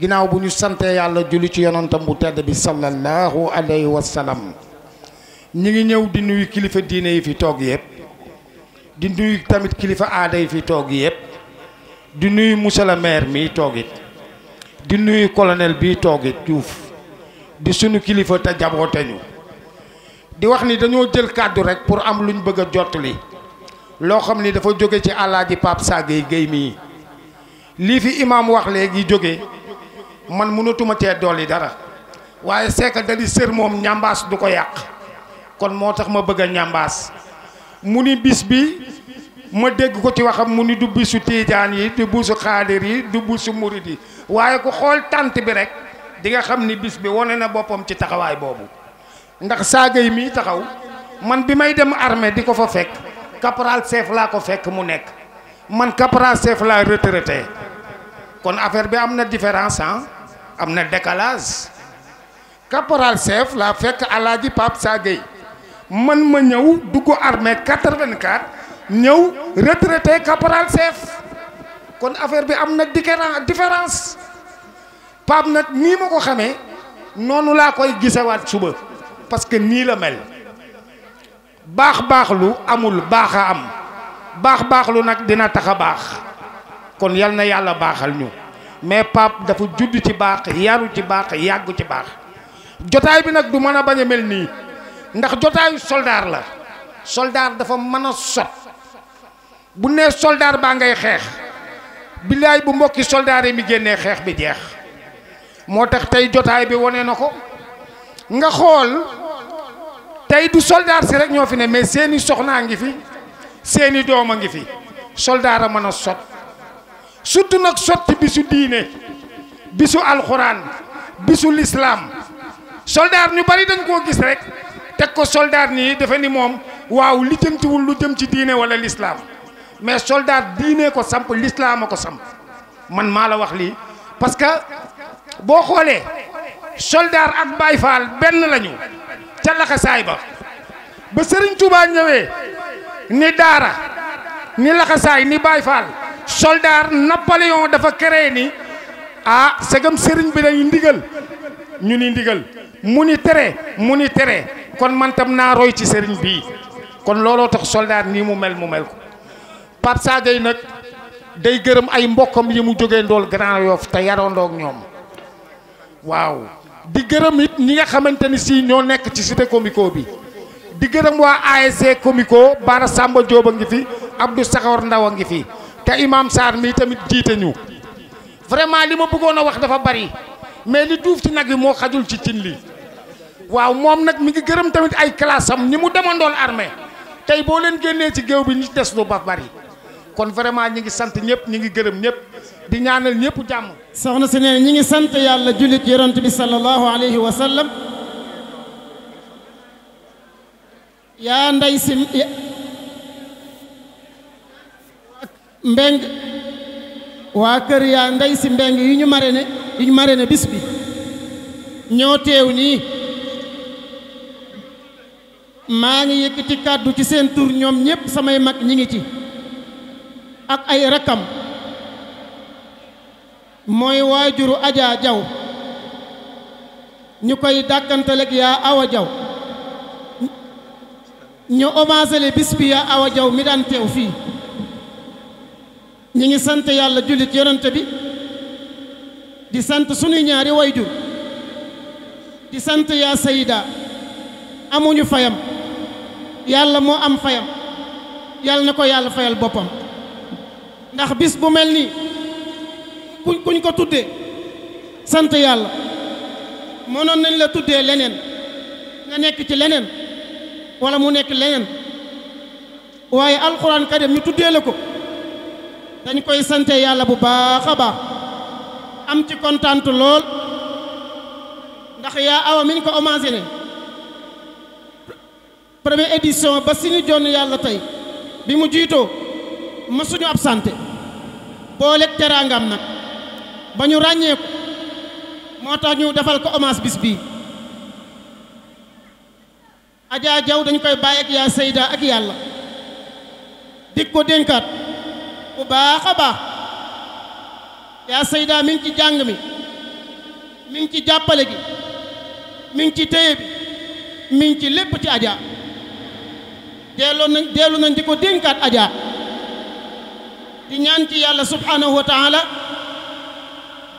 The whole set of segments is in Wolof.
ginnaaw bu ñu santee yàlla julli ci yonantam bu tedd bi sallallahu alayhi wa sallam ñi ngi ñëw di nuyu kilifa diine yi fi toog yëpp di nuyu tamit kilifa aada yi fi toog yëpp di nuyu monsieur le mi toog di nuyu colonel bi toog it di sunu kilifa te jaboote di wax ni dañoo jël kàddu rekk pour am luñ bëgg a jottali loo xam ni dafa jóge ci alaaji Pape Sagaye Guèye mii lii fi imaam wax léegi jóge man mënatuma tee dolli dara waaye seeka dali sër moom ñambaas du ko yàq kon moo tax ma bëgg a ñambaas mu ni bis bi ma dégg ko ci waxam mu ni du bisu tiijaan yi du bisu xaadir yi du bisu murid yi waaye ku xool tànt bi rek di nga xam ni bis bi wane na boppam ci taxawaay boobu ndax saaga yi mii taxaw man bi may dem armée di ko fa fekk caporal chef laa ko fekk mu nekk man caporal chef laa retraité kon affaire bi amna différence hein amna décalage caporal chef la fek Aladi Pape Sagay man ma du dugg armée 84 ñëw retraité caporal chef kon affaire bi amna différence Pape nak ni mako xamé nonu la koy gissé wat suba parce que ni la mel bax baax lu amul baax am bax baax lu nag dina taxa bax kon yal na yàlla baaxal ñu mais Pape dafa judd ci baax yaru ci baax yàggu ci baax jotaay bi nag du mën a bañ a mel nii ndax jotaayu soldaar la soldaar dafa mën a sot bu nee soldaar baa ngay xeex billaay bu mbokki soldaar yi mi génnee xeex bi jeex moo tax tey jotaay bi wane na ko nga xool tey du soldaar si rek ñoo fi ne mais seeni soxnaa ngi fi seeni doom a ngi fi soldaar a mën a sot surtout nag sotti bisu diine bisu alxuraan bisu lislaam soldaar ñu bari dañ koo gis rek teg ko soldaar nii dafa ni moom waaw li jëmtiwul lu jëm ci diine wala lislaam mais soldaar diine ko samp lislaama ko samp man maa la wax lii parce que boo xoolee soldaar ak Baay Faal benn lañu ca laxasaay ba ba Sëriñ Tuubaa ñëwee ni daara ni laxasaay ni Baay Faal soldar napoleon dafa créé ni ah segam serigne bi dañuy ndigal ñu ni ndigal mu ni mu kon man tam na roy ci serigne bi kon lolo tax soldar ni mu mel mu mel ko sa gay nak day gërëm ay mbokam yi mu joggé ndol Grand ta yarondo ak ñom waaw di gërëm it ñi nga xamanteni ni si ño nekk ci cité comico bi di gërëm wa ASC comico Bara Samba Diop a fi Abdou Sakhor Ndaw fi te imam Sarr mii tamit jiite ñu vraiment li ma bëggoon a wax dafa bari mais li duuf ci nag yi moo xajul ci cin li waaw moom nag mi ngi gërëm tamit ay classe am ñi mu demandool armée tey boo leen génnee ci géew bi ñu des lu ba bari kon vraiment ñi ngi sant ñëpp ñi ngi gërëm ñëpp di ñaanal ñëpp jàmm soxna si nee ñi ngi sant yàlla jullit yonent bi sallallahu alayhi wa sallam yaa nday si mbeng waa kër yaa ndey si mbeng yu ñu mare ne yu ñu mare ne bis bi ñoo teew nii maa ngi ci kàddu ci seen tur ñoom ñépp samay mag ñi ngi ci ak ay rakkam mooy waajuru ajaa Jaw ñu koy dàkkantaleeg yaa Awa Jaw ñu hommage le bis bi yaa Awa Jaw mi daan teew fii ñingi sante yàlla julit yonante bi di sante suñu ñaari wayju di sante ya sayida amuñu fayam yàlla mo am fayam yàlla nako yàlla fayal bopam ndax bis bu melni kuñ kuñ ko tuddé sante yàlla mënoon nañ la tuddé lenen nga nek ci lenen wala mu nek lenen waye alquran kadem ñu tuddé lako dañ koy sante yàlla bu baax a baax am ci kontaante lool ndax yaa awa mi ñu ko hommagé ne première édition ba si ñu jonn yàlla tey bi mu jiitoo mësuñu absenté booleeg teraangam nag ba ñu ràññee ko moo tax ñu defal ko hommage bis bii Adja Jaw dañ koy bàyyi ak yaa Seyda ak yàlla dig ko dénkaat bu baax a baax yaa sayda mi ci jàng mi mi ngi ci jàppale gi mi ngi ci téye bi mi ci lépp ci aja deeloo nañ deelu nañ di ko dénkaat aja di ñaan ci yàlla subhaanahu wa taala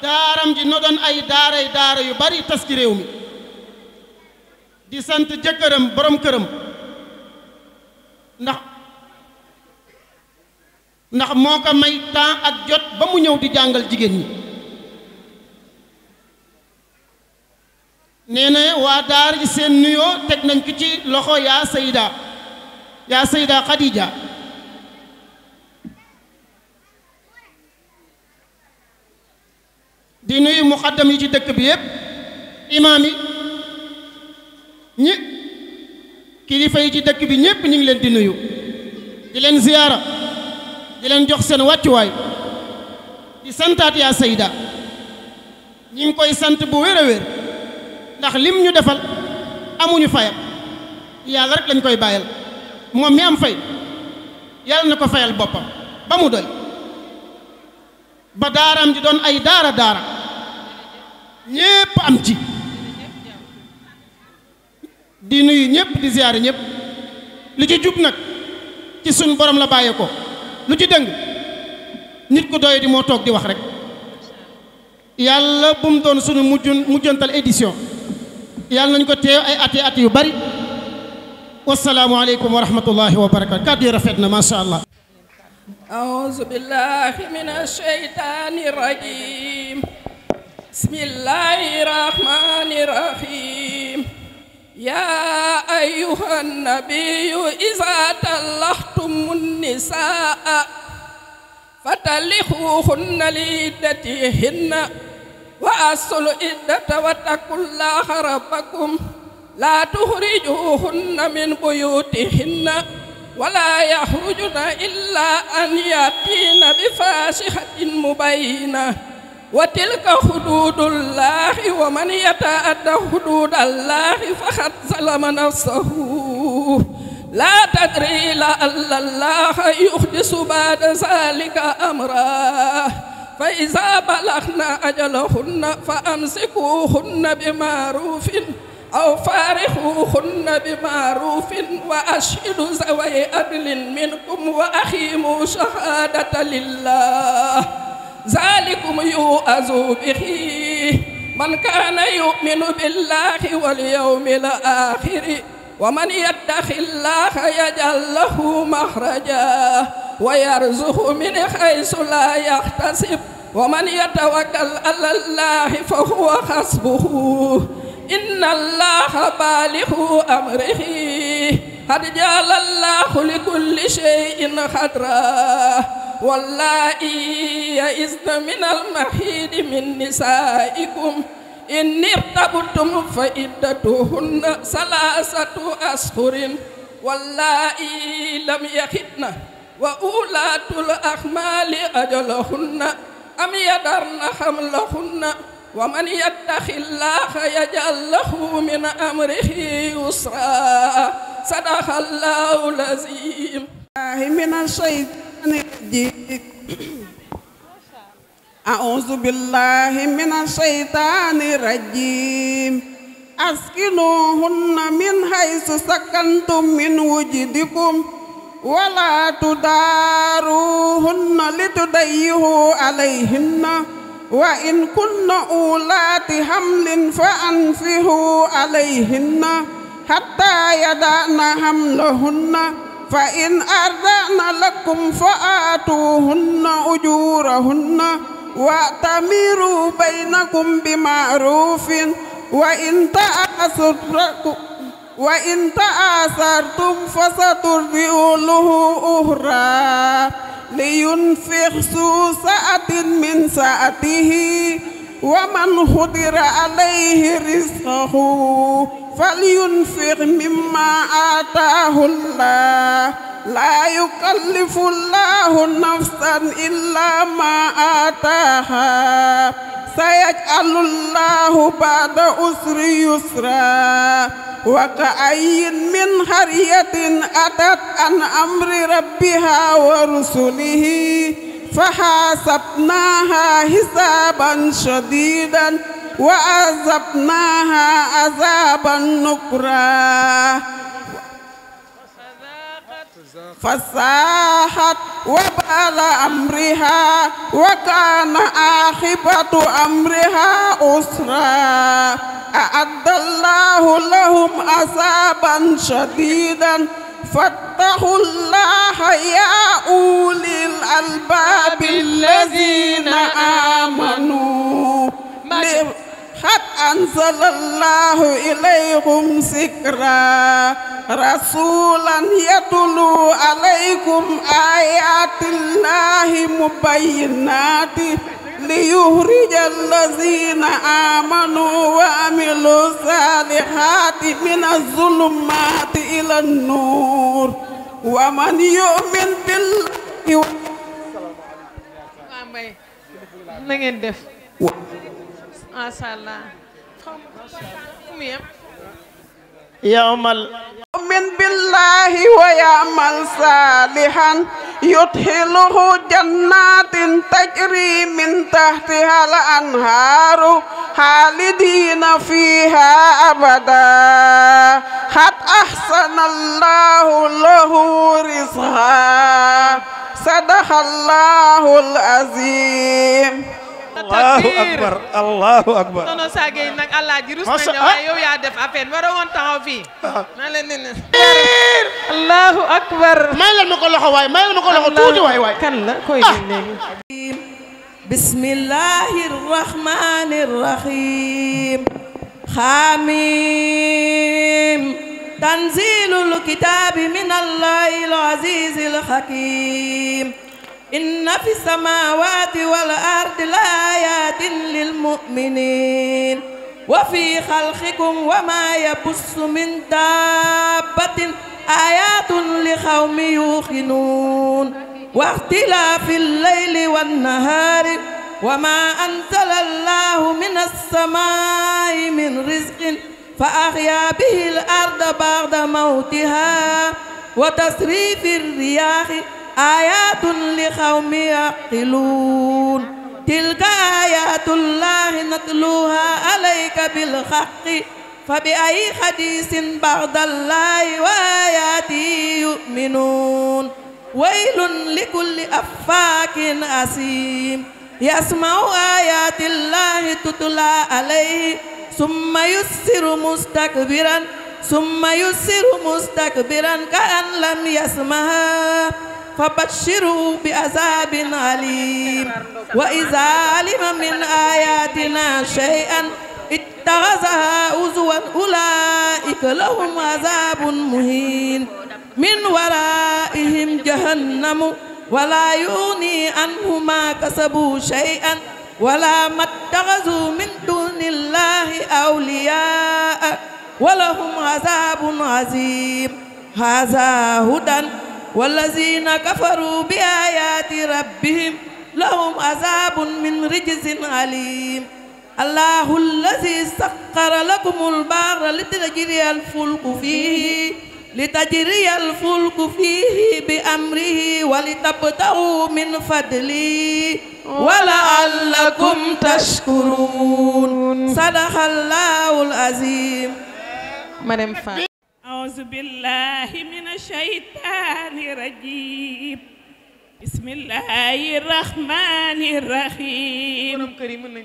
daaram ji no doon ay daaray daara yu bari tas ci réew mi di sant jëkkëram borom këram ndax ndax moo ko may temps ak jot ba mu ñëw di jàngal jigéen ñi nee na waa daar seen nuyoo teg nañ ko ci loxo yaa sayda yaa sayda Khadija di nuyu muqaddam yi ci dëkk bi yépp imaam yi ñi kilifa yi ci dëkk bi ñépp ñu ngi leen di nuyu di leen ziyaara di leen jox seen wàccuwaay di santaat yaa sayda ñi koy sant bu wér a ndax lim ñu defal amuñu fayam yàlla rek lañ koy bàyyal moom mi am fay yàlla na ko fayal boppam ba mu doy ba daaraam di doon ay daara daara ñépp am ci di nuyu ñépp di ziyaare ñépp li ci jub nag ci sun borom la bàyyee ko lu ci dëng nit ku doy moo toog di wax rek yàlla bu mu doon sunu mujjantal édition yàlla nañ ko teew ay ati ati yu bari wasalaamualeykum wa rahmatullahi wa barakatu kàddu rafet na macha allah أعوذ بالله من الشيطان الرجيم بسم الله الرحمن الرحيم يا أيها النبي إذا تلختم النساء فتلخوهن لعدتهن وأصل العدة واتقوا الله ربكم لا تخرجوهن من بيوتهن ولا يخرجن إلا أن يأتين بفاسخة مبينة وتلك حدود الله ومن يتعدى حدود الله فقد ظلم نفسه لا تدري لعل الله يحدث بعد ذلك امرا فاذا بلغنا اجلهن فامسكوهن بمعروف أو فارقوهن بمعروف وأشهدوا ذوي عدل منكم واخيموا شهادة لله ذلكم يؤذوا به من كان يؤمن بالله واليوم الآخر ومن يتق الله يجعل له مخرجا ويرزقه من حيث لا يحتسب ومن يتوكل على الله فهو حسبه إن الله بالغ أمره قد جعل الله لكل شيء قدرا واللائي يئسن من المحيد من نسائكم إن ارتبتم فعدتهن ثلاثة أشهر واللائي لم يخدن وأولاة الأحمال أجلهن أم يدرن حملهن ومن يتخ الله يجعل له من أمره يسرا صدق الله العظيم من الشيطان الشيطان الرجيم أعوذ بالله من الشيطان الرجيم أسكنوهن من حيث سكنتم من وجدكم ولا تداروهن لتضيقوا عليهن وإن كن أولات حمل فأنفهوا عليهن حتى يدعن حملهن فإن أردنا لكم فآتوهن أجورهن وأتمروا بينكم بمعروف وإن تأسركم وإن تآثرتم فسترضع له أخرى لينفق سوسة من سعته ومن خدر عليه رزقه فلينفق مما آتاه الله لا يكلف الله نفسا إلا ما آتاها سيجعل الله بعد أسر يسرا وكأي من قرية أتت عن أمر ربها ورسله فحاسبناها حسابا شديدا وعذبناها عذابا نكرا فساحت وبال أمرها وكان اخبه أمرها أسرا أعد الله لهم عذابا شديدا فاتقوا الله يا أولي الألباب الذين آمنوا قد أنزل الله إليكم ذكرا رسولا يتلو عليكم آيات الله مبينات ليخرج الذين آمنوا وعملوا الصالحات من الظلمات إلى النور ومن يؤمن بالله na ngeen def ما شاء يعمل من بالله ويعمل صالحا يدخله جنات تجري من تحتها الأنهار خالدين فيها أبدا قد أحسن الله له رزقا صدق الله العظيم allahu akbar allahu akbar nono Saage yi nag allah ji rus nañu waaye yow yaa def affaire waroo woon taxaw fii. na leen ne allahu akbar. may leen ma ko loxo waay may leen ma ko loxo tuuti waay waay. kan la koy léegi. bismillahi rahmani rahim. حميم تنزيل الكتاب من الله العزيز الحكيم إن في السماوات والأرض لآيات للمؤمنين وفي خلقكم وما يبث من دابة آيات لقوم يوقنون واختلاف الليل والنهار وما أنزل الله من السماء من رزق فأحيا به الأرض بعد موتها وتصريف الرياح آيات لقوم يعقلون تلك آيات الله نتلوها عليك بالحق فبأي حديث بعد الله وآياته يؤمنون ويل لكل أفاك أثيم يسمع آيات الله تتلى عليه ثم يسر مستكبرا ثم يسر مستكبرا كأن لم يسمعها فبشروا بعذاب أليم وإذا علم من آياتنا شيئا اتخذها هزوا أولئك لهم عذاب مهين من ورائهم جهنم ولا يغني عنه ما كسبوا شيئا ولا ما اتخذوا من دون الله أولياء ولهم عذاب عظيم هذا هدى والذين كفروا بآيات ربهم لهم عذاب من رجز عليم الله الذي سخر لكم البحر لتجري الفلك فيه لتجري الفلك فيه بأمره ولتبتغوا من فضله ولعلكم تشكرون صدق الله العظيم أعوذ بالله من الشيطان الرجيم بسم الله الرحمن الرحيم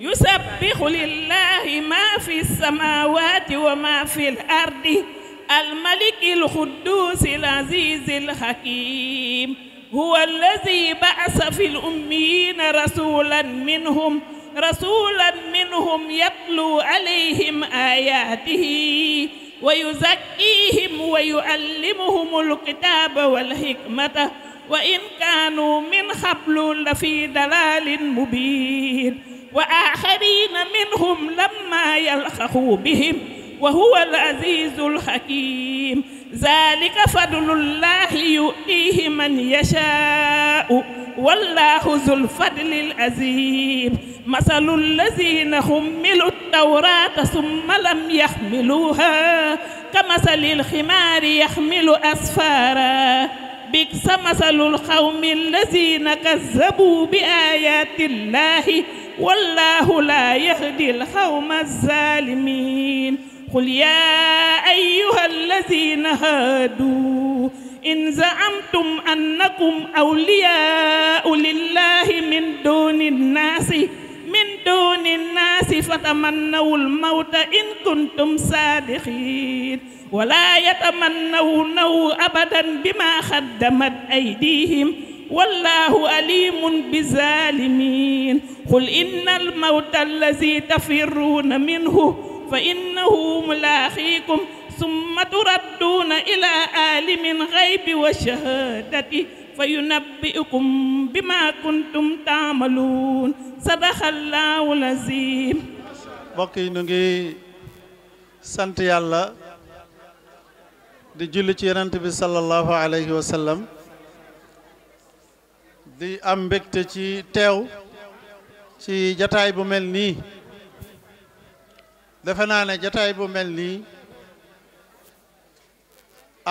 يسبح لله ما في السماوات وما في الأرض الملك القدوس العزيز الحكيم هو الذي بعث في الأمين رسولا منهم رسولا منهم يتلو عليهم آياته ويزكيهم ويعلمهم الكتاب والحكمة وإن كانوا من قبل لفي ضلال مبين وآخرين منهم لما يلحقوا بهم وهو العزيز الحكيم ذلك فضل الله يؤتيه من يشاء والله ذو الفضل العظيم مثل الذين حملوا التوراة ثم لم يحملوها كمثل الخمار يحمل أسفارا بكس مثل القوم الذين كذبوا بآيات الله والله لا يهدي القوم الظالمين قل يا أيها الذين هادوا إن زعمتم أنكم أولياء لله من دون الناس من دون الناس فتمنوا الموت إن كنتم صادقين ولا يتمنونه أبدا بما خدمت أيديهم والله أليم بالظالمين قل إن الموت الذي تفرون منه فإنه ملاقيكم ثم تردون إلى عالم الغيب والشهادة fa yunabbi'ukum bima kuntum taamaluun sadaqallaahu laziim mbokk yi ñu ngi sant yàlla di julli ci yonent bi sallallahu alayhi wa di am mbégte ci teew ci jataay bu mel nii defe naa ne jataay bu mel nii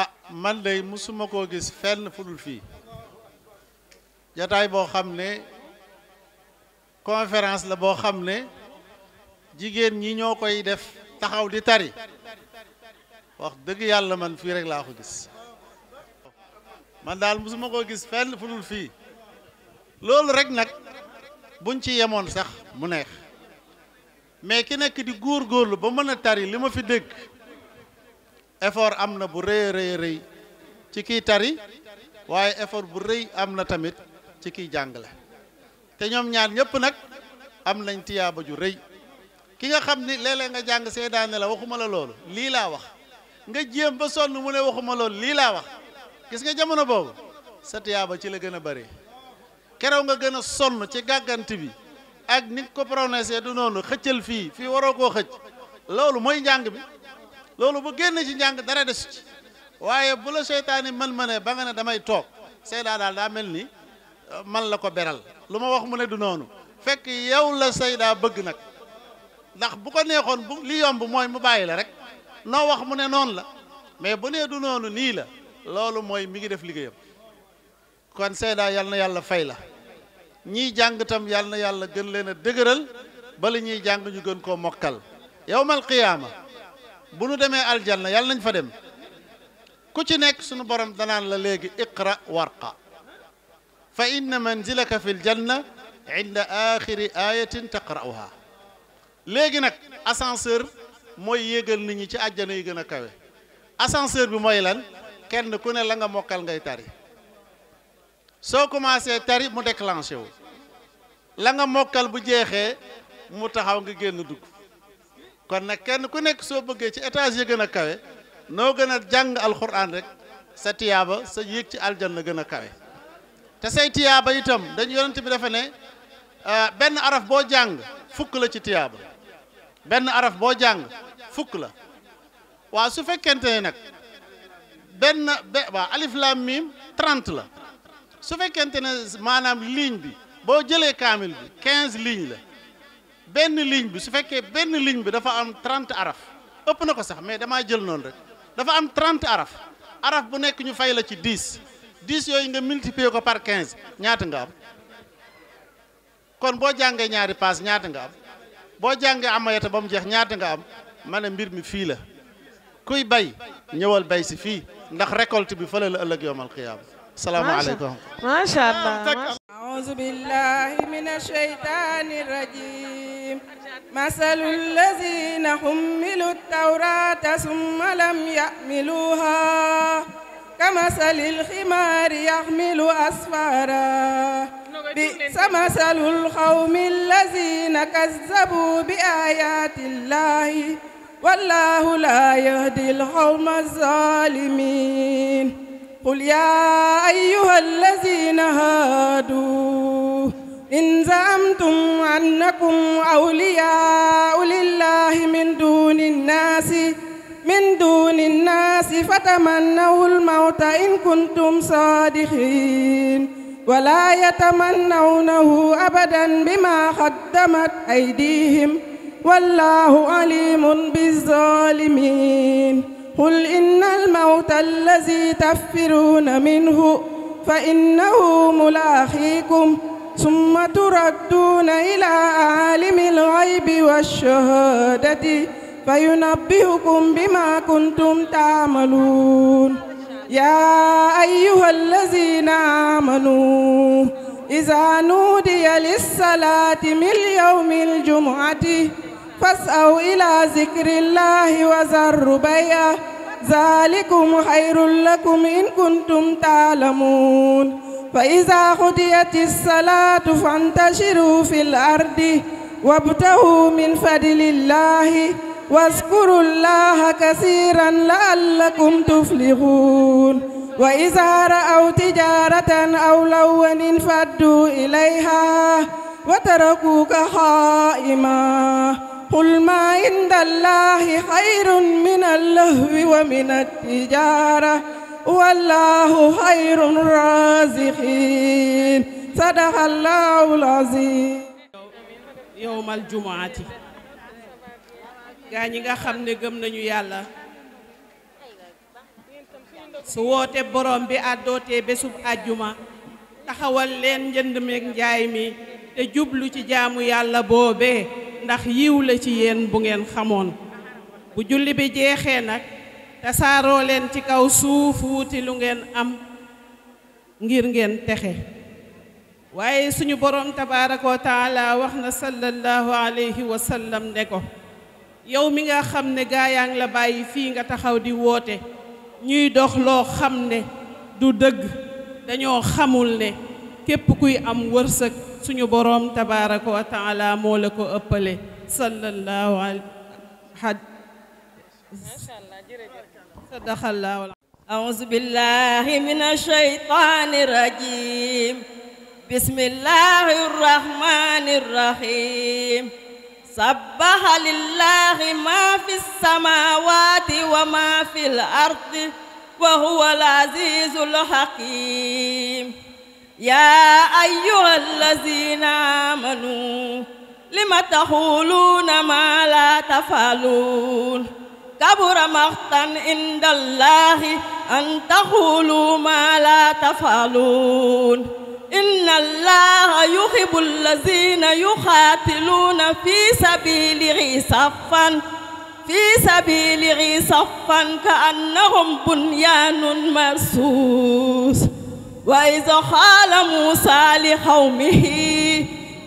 ah man day musuma koo gis fenn fudul fii jataay boo xam ne conférence la boo xam ne jigéen ñi ñoo koy def taxaw di tari wax dëgg yàlla man fii rek laa ko gis man daal mosuma koo gis fenn fu dul fii loolu rek nag buñ ci yemoon sax mu neex mais ki nekk di góor góorgóorlu ba mën a tari li ma fi dégg effort am na bu rëy rëy rëy ci kiy tari waaye effort bu rëy am na tamit ci kiy la te ñoom ñaar ñëpp nag am nañ tiyaaba ju rëy ki nga xam ni léeg nga jàng seedaane la waxuma la loolu lii laa wax nga jéem ba sonn mu ne waxuma loolu lii laa wax gis nga jamono boobu sa tiyaaba ci la gën a bari keroog nga gën a sonn ci gàggant bi ak ni ko prononcé du noonu xëccal fii fii waroo koo xëcc loolu mooy njàng bi loolu bu génn ci njàng dara desu ci waaye bu la seytaane mën-mënee ba nga ne damay toog seedaa daal daa mel ni man la ko beral lu ma wax mu ne du noonu fekk yow la saydaa bëgg nag ndax bu ko neexoon bu li yomb mooy mu bàyyi la rek noo wax mu ne noon la mais bu nee du noonu nii la loolu mooy mi ngi def liggéeyam kon saydaa yal na yàlla fay la ñiy jàng tam yal na yàlla gën leen a dëgëral bala ñuy jàng ñu gën koo mokkal yowmal qiyaama bu nu demee aljanna yàlla nañ fa dem ku ci nekk sunu borom danaan la léegi iqra warqa fa inna manzilaka fi ljanna inda axiri ayatin taqra'uha léegi nag ascenseur mooy yéegal nit ñi ci àjjana yi gën a kawe assenseur bi mooy lan kenn ku ne la nga mokkal ngay tari soo commencé tari mu déclenché wu la nga mokkal bu jeexee mu taxaw nga génn dugg kon nag kenn ku nekk soo bëggee ci étage yi gën a kawe noo gën a jàng alxuraan rek sa tiyaaba sa yéeg ci aljanna gën a kawe te say tiyaaba itam dañu yonante bi dafa ne ah, benn araf boo jàng fukk la ci tiyaaba benn araf boo jàng fukk la waa su fekkente ne nag benn be waaw alif miim trente la su fekkente ne maanaam ligne bi boo jëlee kaamil bi quinze ligne la benn ligne bi su fekkee benn ligne bi dafa am trente araf ëpp na ko sax mais damaa jël noonu rek dafa am trente araf araf bu nekk ñu fay la ci dix 10 yoy nga multiplier ko par 15 ñaata nga kon bo jangé ñaari pass ñaata nga bo jangé jàngee amayata bam jeex ñaata nga am ma mbir mi fi la kuy bay ñewal bay ci fi ndax récolte bi fële la qiyam assalamu alaykum ma sha allah a'udhu billahi minash shaitanir rajim مثل الذين حملوا التوراة ثم لم يحملوها كمثل الخمار يحمل أسفارا بئس مثل القوم الذين كذبوا بآيات الله والله لا يهدي القوم الظالمين قل يا أيها الذين هادوا إن زعمتم أنكم أولياء لله من دون الناس من دون الناس فتمنوا الموت إن كنتم صادقين ولا يتمنونه أبدا بما قدمت أيديهم والله عليم بالظالمين قل إن الموت الذي تفرون منه فإنه ملاقيكم ثم تردون إلى عالم الغيب والشهادة فينبهكم بما كنتم تعملون يا أيها الذين آمنوا إذا نودي للصلاة من يوم الجمعة فاسعوا إلى ذكر الله وذروا بيعه ذلكم خير لكم إن كنتم تعلمون فإذا قضيت الصلاة فانتشروا في الأرض وابتغوا من فضل الله واذكروا الله كثيرا لعلكم تفلحون وإذا رأوا تجارة أو لون انفدوا إليها وتركوك خائما قل ما عند الله خير من اللهو ومن التجارة والله خير الرازقين صدق الله العظيم يوم الجمعة gaa ñi nga xam ne gëm nañu yàlla su woote borom bi àddootee bésub àjjuma taxawal leen njënd meeg njaay mi te jublu ci jaamu yàlla boobee ndax yiw la ci yéen bu ngeen xamoon bu julli bi jeexee nag tasaaroo leen ci kaw suuf wuti lu ngeen am ngir ngeen texe waaye suñu borom tabaaraka wa taala wax na sallallahu alayhi wa ne ko yow mi nga xamne ne gaa yaa la bàyyi fi nga taxaw di wote ñuy dox lo xamne du deug dañoo xamul ne kep kuy am wërseuk suñu borom tabaarak wa taala mo la ko ëppale sallallahu alaihi had الله أعوذ بالله من الشيطان الرجيم بسم الله الرحمن الرحيم سبح لله ما في السماوات وما في الأرض وهو العزيز الحكيم يا أيها الذين آمنوا لم تقولون ما لا تفعلون كبر مقتا عند الله أن تقولوا ما لا تفعلون إن الله يحب الذين يقاتلون في سبيله صفا في سبيله صفا كأنهم بنيان مرصوص وإذا قال موسى لقومه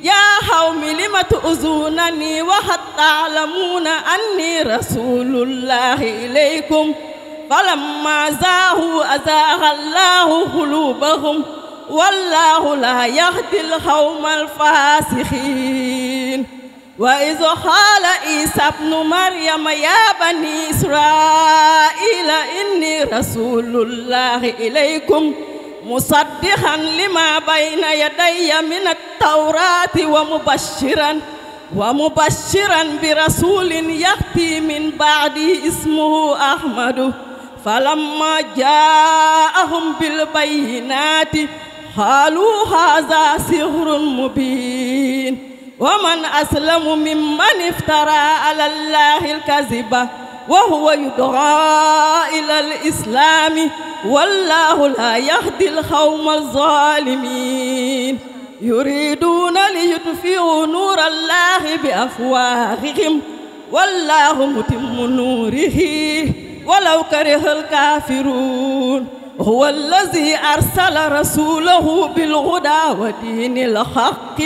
يا قوم لم تؤذونني وقد تعلمون أني رسول الله إليكم فلما زاهوا أزاغ الله قلوبهم والله لا يهدي القوم الفاسقين وإذ قال عيسى ابن مريم يا بني إسرائيل إني رسول الله إليكم مصدقا لما بين يدي من التوراة ومبشرا ومبشرا برسول يأتي من بعدي اسمه أحمد فلما جاءهم بالبينات قالوا هذا سحر مبين ومن أسلم ممن افترى على الله الكذب وهو يدعى إلى الإسلام والله لا يهدي القوم الظالمين يريدون ليطفئوا نور الله بأفواههم والله متم نوره ولو كره الكافرون هو الذي أرسل رسوله بالهدى ودين الحق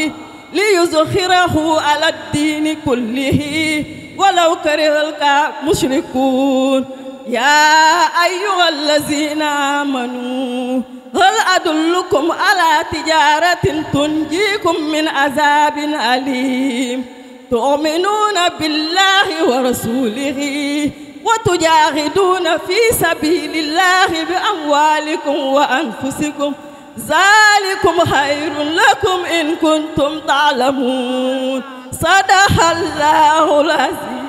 ليظهره على الدين كله ولو كره المشركون يا أيها الذين آمنوا هل أدلكم على تجارة تنجيكم من عذاب أليم تؤمنون بالله ورسوله وتجاهدون في سبيل الله بأموالكم وأنفسكم ذلكم خير لكم إن كنتم تعلمون صدق الله العظيم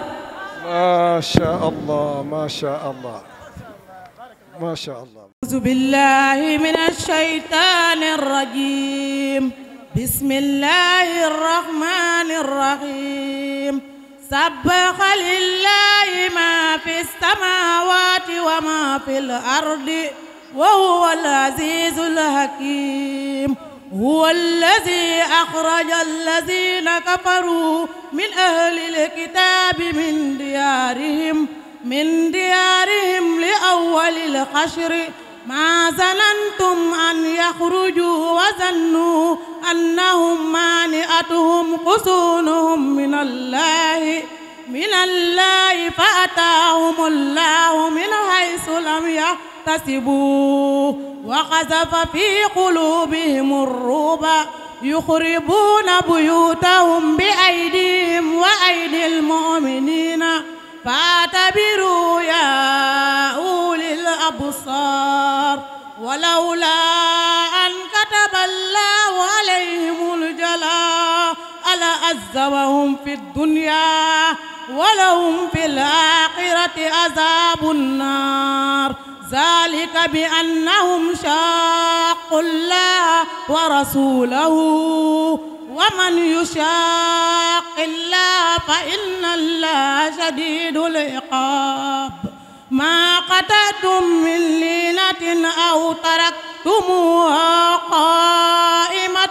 ما شاء الله ما شاء الله ما شاء الله أعوذ بالله من الشيطان الرجيم بسم الله الرحمن الرحيم سبح لله ما في السماوات وما في الأرض وهو العزيز الحكيم هو الذي أخرج الذين كفروا من أهل الكتاب من ديارهم من ديارهم لأول الخشر ما ظننتم أن يخرجوا وظنوا أنهم مانئتهم قصونهم من الله من الله فأتاهم الله من حيث لم يحتسبوا وقذف في قلوبهم الرعب يخربون بيوتهم بأيديهم وأيدي المؤمنين فاعتبروا يا أولي الأبصار ولولا أن كتب الله عليهم الجلاء لأذبهم في الدنيا ولهم في الآخرة عذاب النار ذلك بأنهم شاقوا الله ورسوله ومن يشاق الله فإن الله شديد العقاب ما قتلتم من لينة أو تركتموها قائمة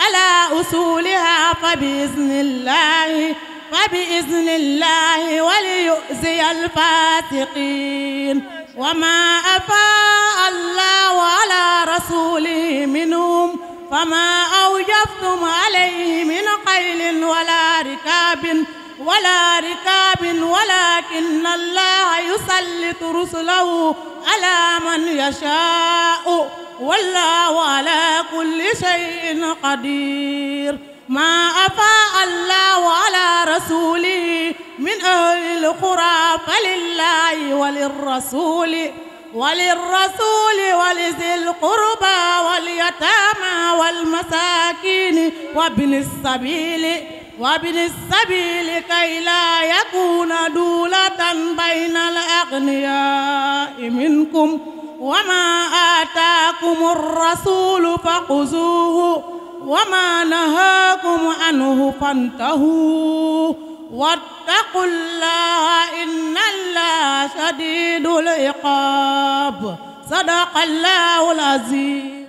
على أصولها فبإذن الله فبإذن الله وليؤذي الفاسقين وما أفاء الله على رسوله منهم فما أوجفتم عليه من قيل ولا ركاب ولا ركاب ولكن الله يسلط رسله على من يشاء والله على كل شيء قدير ما أفاء الله على رسوله من أهل القرى فلله وللرسول وللرسول ولذي القربى واليتامى والمساكين وابن السبيل وابن السبيل كي لا يكون دولة بين الأغنياء منكم وما آتاكم الرسول فخذوه وما نهاكم عنه فانتهوا واتقوا الله إن الله شديد العقاب صدق الله العظيم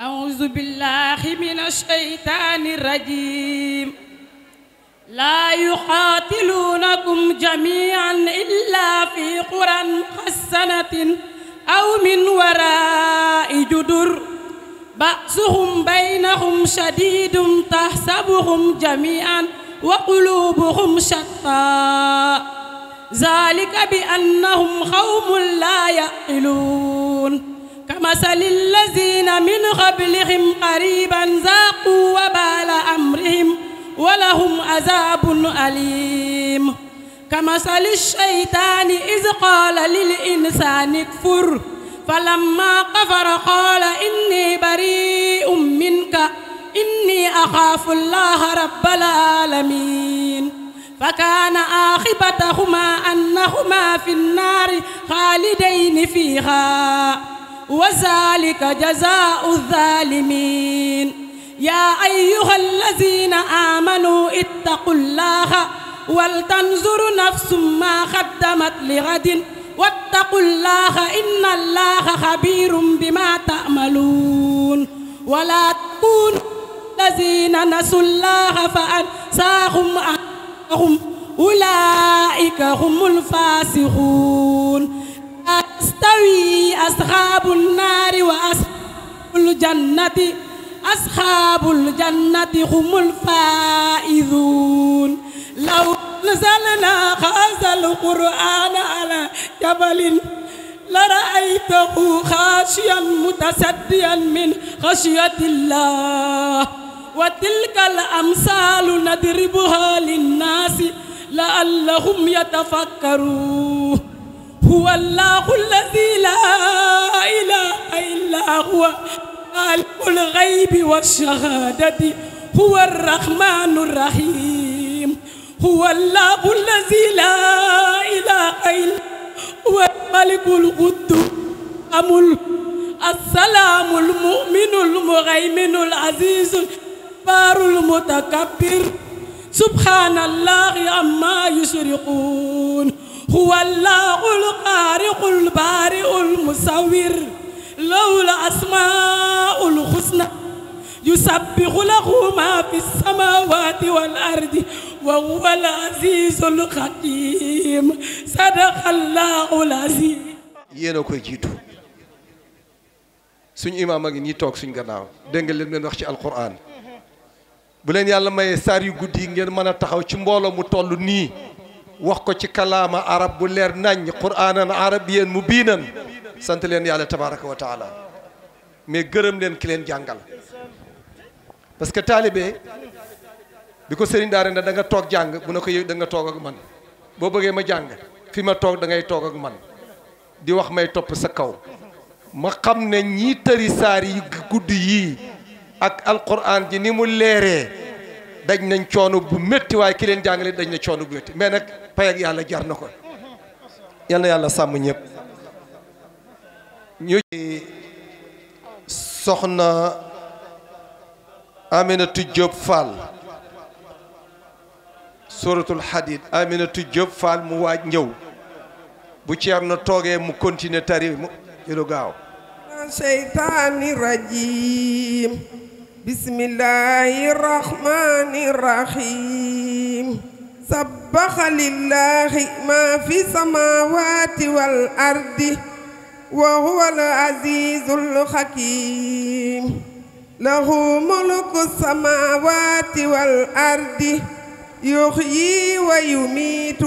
أعوذ بالله من الشيطان الرجيم لا يقاتلونكم جميعا إلا في قرى حسنة أو من وراء جدر بأسهم بينهم شديد تحسبهم جميعا وقلوبهم شتى ذلك بأنهم قوم لا يعقلون كمثل الذين من قبلهم قريبا ذاقوا وبال أمرهم ولهم عذاب أليم كمثل الشيطان إذ قال للإنسان اكفر فلما كفر قال إني بريء منك إني أخاف الله رب العالمين فكان آخبتهما أنهما في النار خالدين فيها وذلك جزاء الظالمين يا أيها الذين آمنوا اتقوا الله ولتنظر نفس ما قدمت لغد واتقوا الله إن الله خبير بما تعملون ولا تكونوا الذين نسوا الله فأنساهم أنفسهم أولئك هم الفاسقون أستوي أصحاب النار وأصحاب الجنة أصحاب الجنة هم الفائزون لو نزلنا هذا القرآن على جبل لرأيته خاشيا متسديا من خشية الله وتلك الأمثال نضربها للناس لعلهم يتفكروا هو الله الذي لا إله إلا هو خالق الغيب والشهادة هو الرحمن الرحيم هو الله الذي لا إله إلا هو الملك القدوس السلام المؤمن المهيمن العزيز الجبار المتكبر سبحان الله عما يشركون هو الله الخارق البارئ المصور له الأسماء الحسنى يسبح له ما في السماوات والأرض وهو العزيز الحكيم صدق الله العظيم yéen a koy jiitu suñu imaam a ngi nii toog suñ gannaaw dégg nga leen leen wax ci alquran bu len yalla maye sar yu guddi ngeen meuna taxaw ci mbolo mu tollu ni wax ko ci kalaama arab bu leer nañ quraanan arabiyan mubinan sant len yalla tabaarak wa taala mais geureum len ki len jangal parce que talibé biko serigne sëriñ daara ne nga tok jang bu nako ko yow da nga tok ak man bo beugé ma jang fi ma tok da ngay tok ak man di wax may top sa kaw ma xam ne yi ak alquran ji ni mu leeree daj nañ coonu bu métti waaye ki leen jàngale daj na coono bu métti mais nag pay ak yàlla jar na ko yal yàlla sàmm ñëpp ñu ci soxna Aminatu Diop Fall suratul hadid Aminatu Diop Fall mu waaj njëw bu ceer na toogee mu continuer tari mu ci gaaw بسم الله الرحمن الرحيم سبح لله ما في السماوات والأرض وهو العزيز الحكيم له ملك السماوات والأرض يحيي ويميت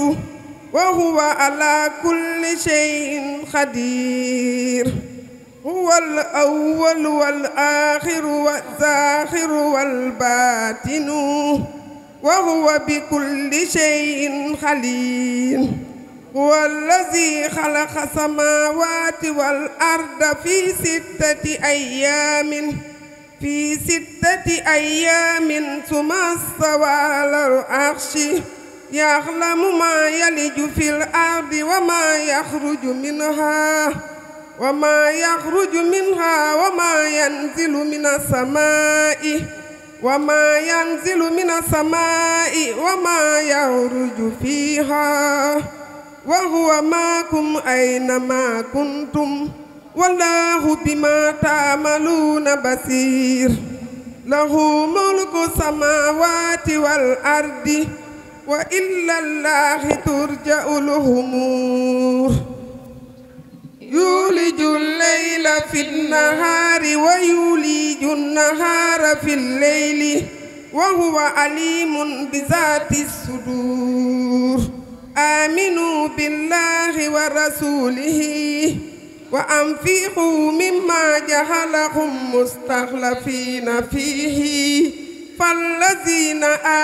وهو على كل شيء قدير هو الأول والآخر والزاخر والباطن وهو بكل شيء خليل هو الذي خلق السماوات والأرض في ستة أيام في ستة أيام ثم استوى على العرش يعلم ما يلج في الأرض وما يخرج منها وما يخرج منها وما ينزل من السماء وما ينزل من السماء وما يخرج فيها وهو معكم أينما كنتم والله بما تعملون بصير له ملك السماوات والأرض وإلا الله ترجع الأمور يولج الليل في النهار ويولج النهار في الليل وهو عليم بذات الصدور آمنوا بالله ورسوله وأنفقوا مما جهلهم مستخلفين فيه فالذين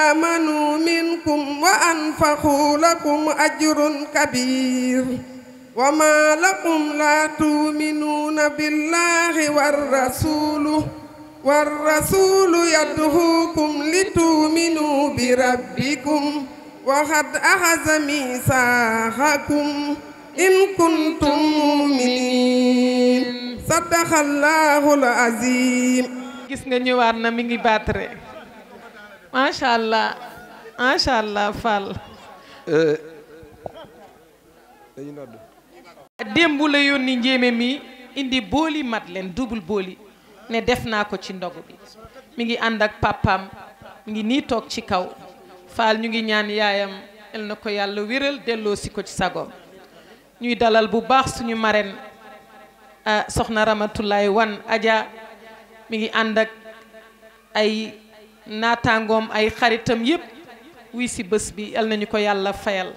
آمنوا منكم وأنفقوا لكم أجر كبير وما لكم لا تؤمنون بالله والرسول والرسول يدعوكم لتؤمنوا بربكم وقد أخذ ميثاقكم إن كنتم مؤمنين صدق الله العظيم gis nga ñëwaat na mi ngi battre macha allah macha allah Fall eh, dañu nodd démb la yónni njéemé mi indi booli mat leen double booli ne def naa ko ci ndogu bi mi ngi ànd ak papaam ngi nii toog ci kaw faal ñu ngi ñaan yaayam el na ko yàlla wéral delloo si ko ci sagoom ñuy dalal bu baax suñu marraine soxna Ramatoulaye Wan Adja mi ngi ànd ak ay naataangoom ay xaritam yépp wuy si bés bi el nañu ko yàlla fayal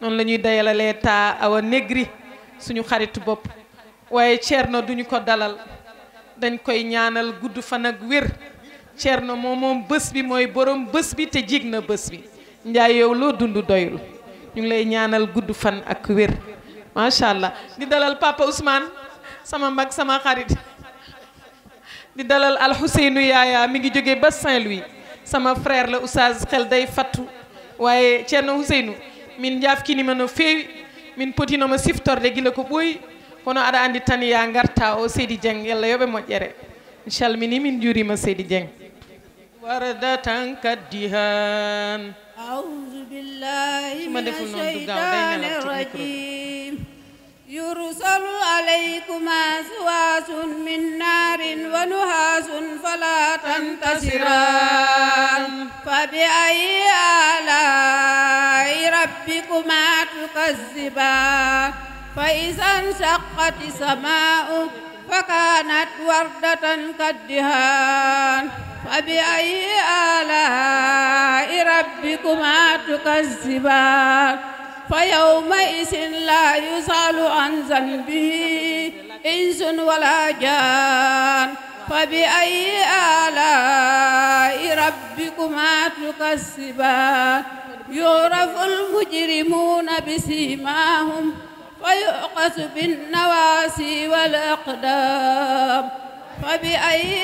noonu la ñuy dayalalee taa awa négri suñu xarit bopp waaye na duñu ko dalal dañ koy ñaanal gudd fan ak wér Thierno moom moom bës bi mooy boroom bés bi te jig na bës bi njaay yow loo dund doyul ñu ngi lay ñaanal gudd fan ak wér macha allah di dalal papa Ousmane sama mag sama xarit di dalal alxuseynu yaaya mi ngi jóge ba Saint-Louis sama frère la oustaz xel day fattu waaye Thierno Ousseynou min njaaf kinima no feewi min siftor siftorde gila ko kono ada andi tan ya garta o seydi dieng yallah yooɓe moƴƴere min calmini min juurima seydi dieng wardatan kaddihan audu billahi min asheytani rajim yursalu alaykuma suwasun min narin wa nuhasun fa bi ayi ala ربكما تكذبان فإذا انشقت السماء فكانت وردة كالدهان فبأي آلاء ربكما تكذبان فيومئذ لا يسأل عن ذنبه إنس ولا جان فبأي آلاء ربكما تكذبان يعرف المجرمون بسيماهم ويؤقت بالنواسي والأقدام فبأي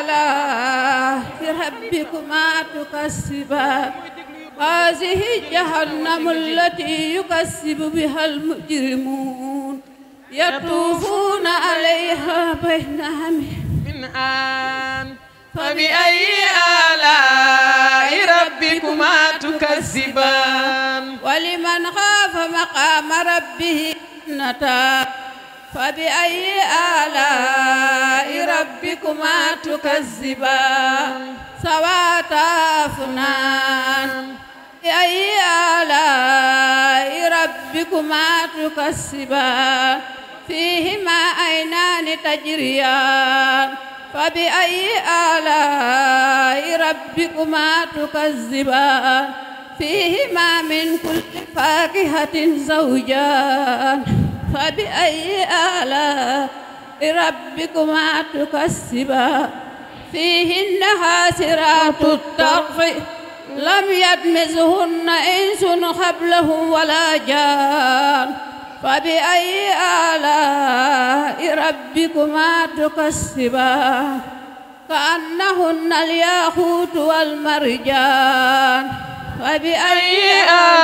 آلاء ربكما تكسبان هذه جهنم التي يكسب بها المجرمون يطوفون عليها بينهم من آن فبأي آلاء ربكما تكذبان ولمن خاف مقام ربه جنتان فبأي آلاء ربكما تكذبان سواتا أفنان بأي آلاء ربكما تكذبان فيهما عينان تجريان فبأي آلاء ربكما تكذبان فيهما من كل فاكهة زوجان فبأي آلاء ربكما تكذبان فيهن حاسرات الطرف لم يدمزهن إنس قبلهم ولا جان فبأي آلاء ربكما تكسبان كأنهن الياقوت والمرجان فبأي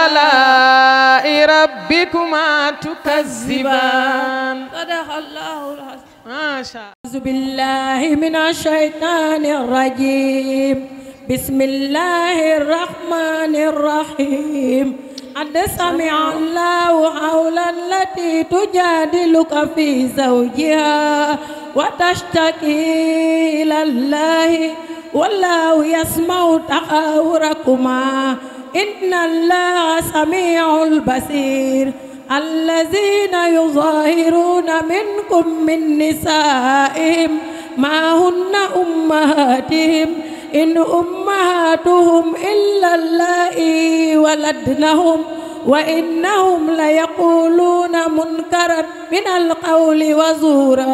آلاء ربكما تكذبان صدق الله العظيم ما شاء أعوذ بالله من الشيطان الرجيم بسم الله الرحمن الرحيم قد سمع الله قولا التي تجادلك في زوجها وتشتكي إلى الله والله يسمع تحاوركما إن الله سميع البصير الذين يظاهرون منكم من نسائهم ما هن أمهاتهم إن أمهاتهم إلا اللائي ولدنهم وإنهم ليقولون منكرا من القول وزورا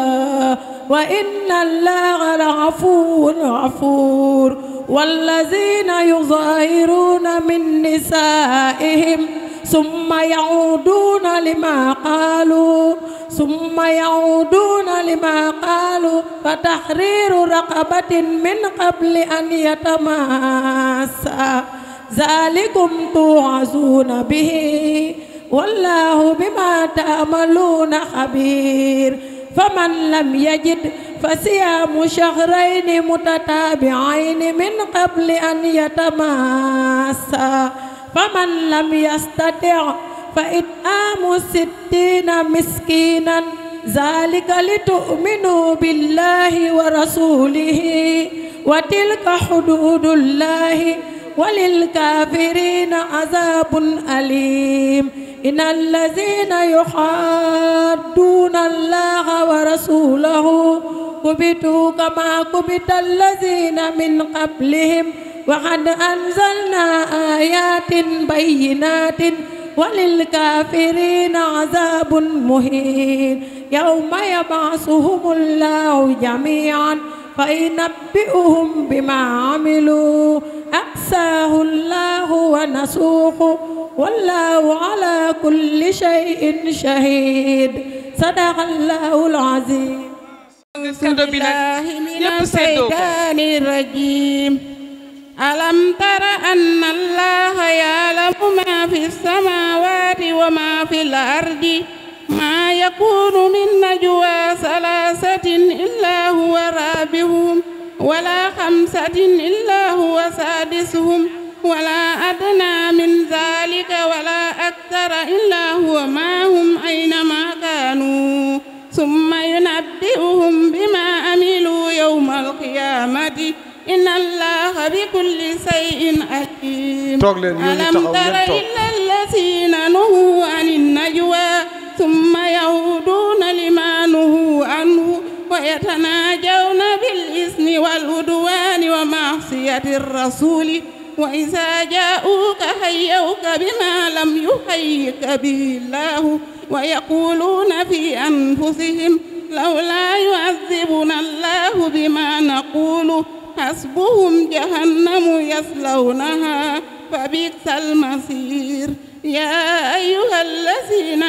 وإن الله لغفور غفور والذين يظاهرون من نسائهم ثم يعودون لما قالوا ثم يعودون لما قالوا فتحرير رقبة من قبل أن يتماسا ذلكم توعزون به والله بما تأملون خبير فمن لم يجد فصيام شهرين متتابعين من قبل أن يتماسا فمن لم يستطع فإطعام ستين مسكينا ذلك لتؤمنوا بالله ورسوله وتلك حدود الله وللكافرين عذاب أليم إن الذين يحادون الله ورسوله كبتوا كما كبت الذين من قبلهم وقد أنزلنا آيات بينات وللكافرين عذاب مهين يوم يبعثهم الله جميعا فينبئهم بما عملوا أحصاه الله ونسوقه والله على كل شيء شهيد صدق الله العظيم أعوذ بالله من الشيطان الرجيم ألم تر أن الله يعلم ما في السماوات وما في الأرض ما يكون من نجوى ثلاثة إلا هو رابعهم ولا خمسة إلا هو سادسهم ولا أدنى من ذلك ولا أكثر إلا هو معهم أينما كانوا ثم ينبئهم بما عملوا يوم القيامة إن الله بكل شيء عليم ألم تر إلا الذين نهوا عن النجوى ثم يهودون لما نهوا عنه ويتناجون بالإثم والعدوان ومعصية الرسول وإذا جاءوك حيوك بما لم يحيك به الله ويقولون في أنفسهم لولا يعذبنا الله بما نقول حسبهم جهنم يصلونها فبئس المصير يا أيها الذين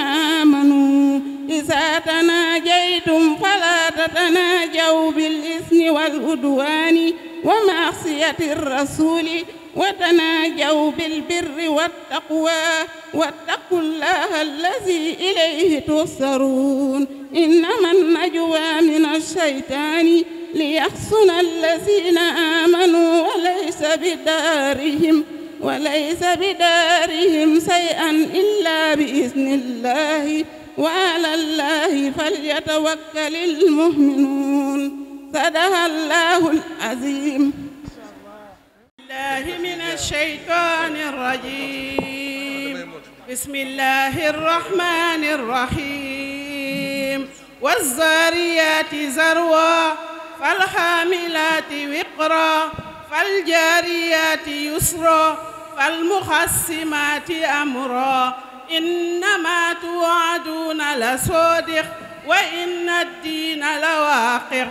آمنوا إذا تناجيتم فلا تتناجوا بالإثم والعدوان ومعصية الرسول وتناجوا بالبر والتقوى واتقوا الله الذي إليه تحشرون إنما النجوى من الشيطان ليحصن الذين آمنوا وليس بدارهم وليس بدارهم شيئا إلا بإذن الله وعلى الله فليتوكل المؤمنون صدق الله العظيم الله من الشيطان الرجيم بسم الله الرحمن الرحيم والزاريات ذروا فالحاملات وقرا فالجاريات يسرا فالمخصمات أمرا إنما توعدون لصادق وإن الدين لواقع